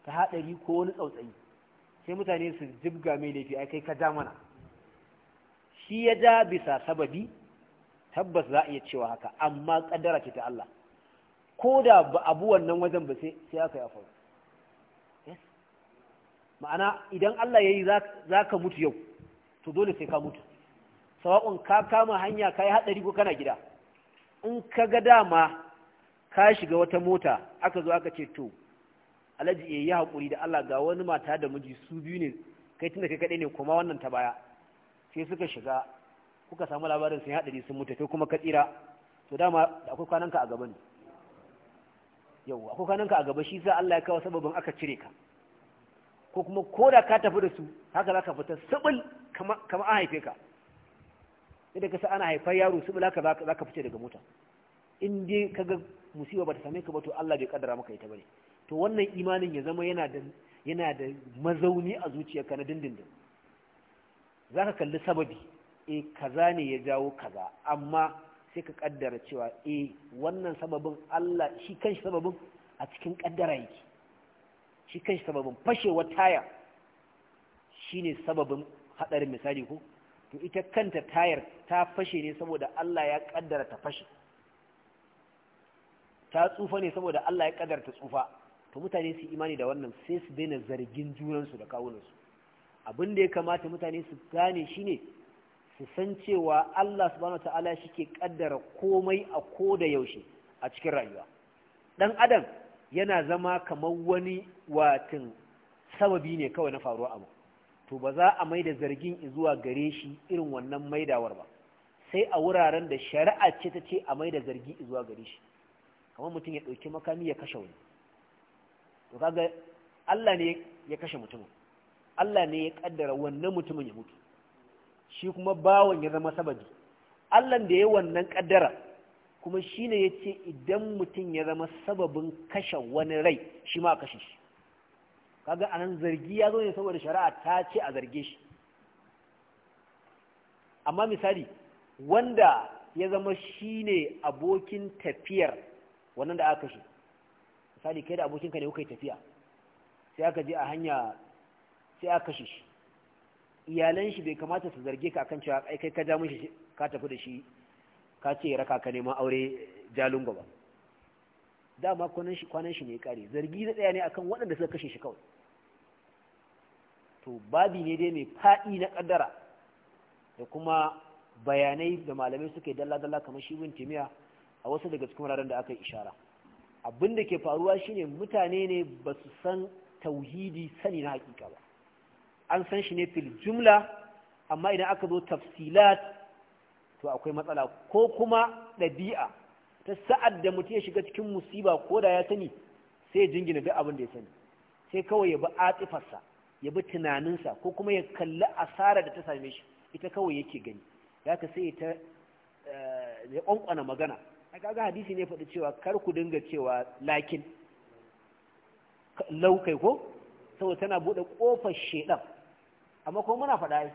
[SPEAKER 1] ta haɗari ko wani tsautsayi sai mutane su jibga mai laifi ai kai ka ja mana shi ya ja bisa sababi tabbas za a iya cewa haka amma kaddara ce ta Allah ko da ba abu wannan wajen ba sai aka yi afaru ma'ana idan Allah ya yi za ka mutu yau to dole sai ka mutu sawa'un ka kama hanya ka yi haɗari ko kana gida in ka ga dama ka shiga wata mota aka zo aka ce to alhaji ya eh, yi haƙuri da Allah ga wani mata da miji su biyu ne kai tunda kai kaɗai ne kuma wannan ta baya sai suka shiga kuka samu labarin sun haɗari sun mutu kai kuma ka tsira to dama akwai kwananka a gaba ne yau akwai kwananka a gaba shi sa Allah ya kawo sababin aka cire ka ko kuma ko da ka tafi da su haka za ka fita sabul kamar an haife ka sai da kasa ana haifar yaro su bula ka za ka fice daga mota in dai ka ga musiba ba ta same ka ba to Allah bai kaddara maka ita bane to wannan imanin ya zama yana da yana da mazauni a zuciyarka na dindindin za ka kalli sababi e kaza ne ya jawo kaza amma sai ka kaddara cewa e wannan sababin Allah shi kanshi sababin a cikin kaddara yake shi kanshi sababin fashewar taya shine sababin hadarin misali ko to ita kanta tayar ta fashe ne saboda Allah ya kaddara ta fashe ta tsufa ne saboda Allah ya kaddara ta tsufa to mutane su imani da wannan sai su daina zargin junansu da kawunansu abin da ya kamata mutane su gane shine su san cewa Allah subhanahu wataala shike kaddara komai a koda yaushe a cikin rayuwa dan adam yana zama kamar wani watin sababi ne kawai na faruwa abu to ba za a maida zargin zuwa gare shi irin wannan maidawar ba sai a wuraren da shari'a ce ta ce a maida zargi zuwa gare shi kamar mutum ya ɗauki makami ya kashe wani to kaga Allah ne ya kashe mutumin Allah ne ya kaddara wannan mutumin ya mutu shi kuma bawon ya zama sababi Allah da ya wannan kaddara kuma shine yace idan mutum ya zama sababin kashe wani rai shi ma kashe shi kaga anan zargi ya zo ne saboda shari'a ta ce a zarge shi amma misali wanda ya zama shine abokin tafiyar wannan da aka shi misali kai da abokinka ne kuka yi tafiya sai aka je a hanya sai aka shi iyalan shi bai kamata su zarge ka akan cewa kai kai ka ja mishi ka tafi da shi ka ce raka ka neman aure jalungo ba dama kwanan shi kwanan shi ne kare zargi na ɗaya ne akan waɗanda suka kashe shi kawai to babi ne dai mai faɗi na ƙaddara da kuma bayanai da malamai suka yi dalla-dalla kamar shi bin timiya a wasu daga cikin wuraren da aka yi ishara abin da ke faruwa shine mutane ne ba su san tauhidi sani na hakika ba an san shi ne fil jumla amma idan aka zo tafsilat to akwai matsala ko kuma ɗabi'a ta sa'ad da mutum ya shiga cikin musiba ko da ya sani sai ya jingina duk abin da ya sani sai kawai ya bi atifarsa ya bi tunaninsa ko kuma ya kalli asara da ta same shi ita kawai yake gani ya ka sai ta eh, ya ƙwanƙwana magana a kaga hadisi ne faɗi cewa kar ku dinga cewa lakin laukai ko saboda tana buɗe ƙofar shedan amma ko muna faɗa za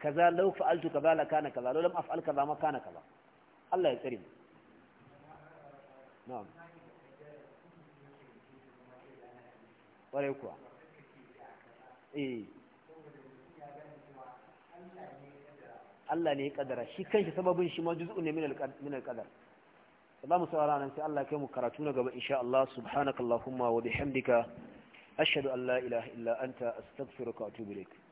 [SPEAKER 1] kaza law ka za la kana kaza lo lam af'al kaza ma kana kaza Allah ya tsare mu na'am ware kuwa eh Allah ne ya shi kanshi sababin shi ma juz'u ne min al-qadar za mu saurara nan sai Allah kai mu karatu na gaba insha Allah subhanakallahumma wa bihamdika ashhadu an la ilaha illa anta astaghfiruka wa atubu ilayk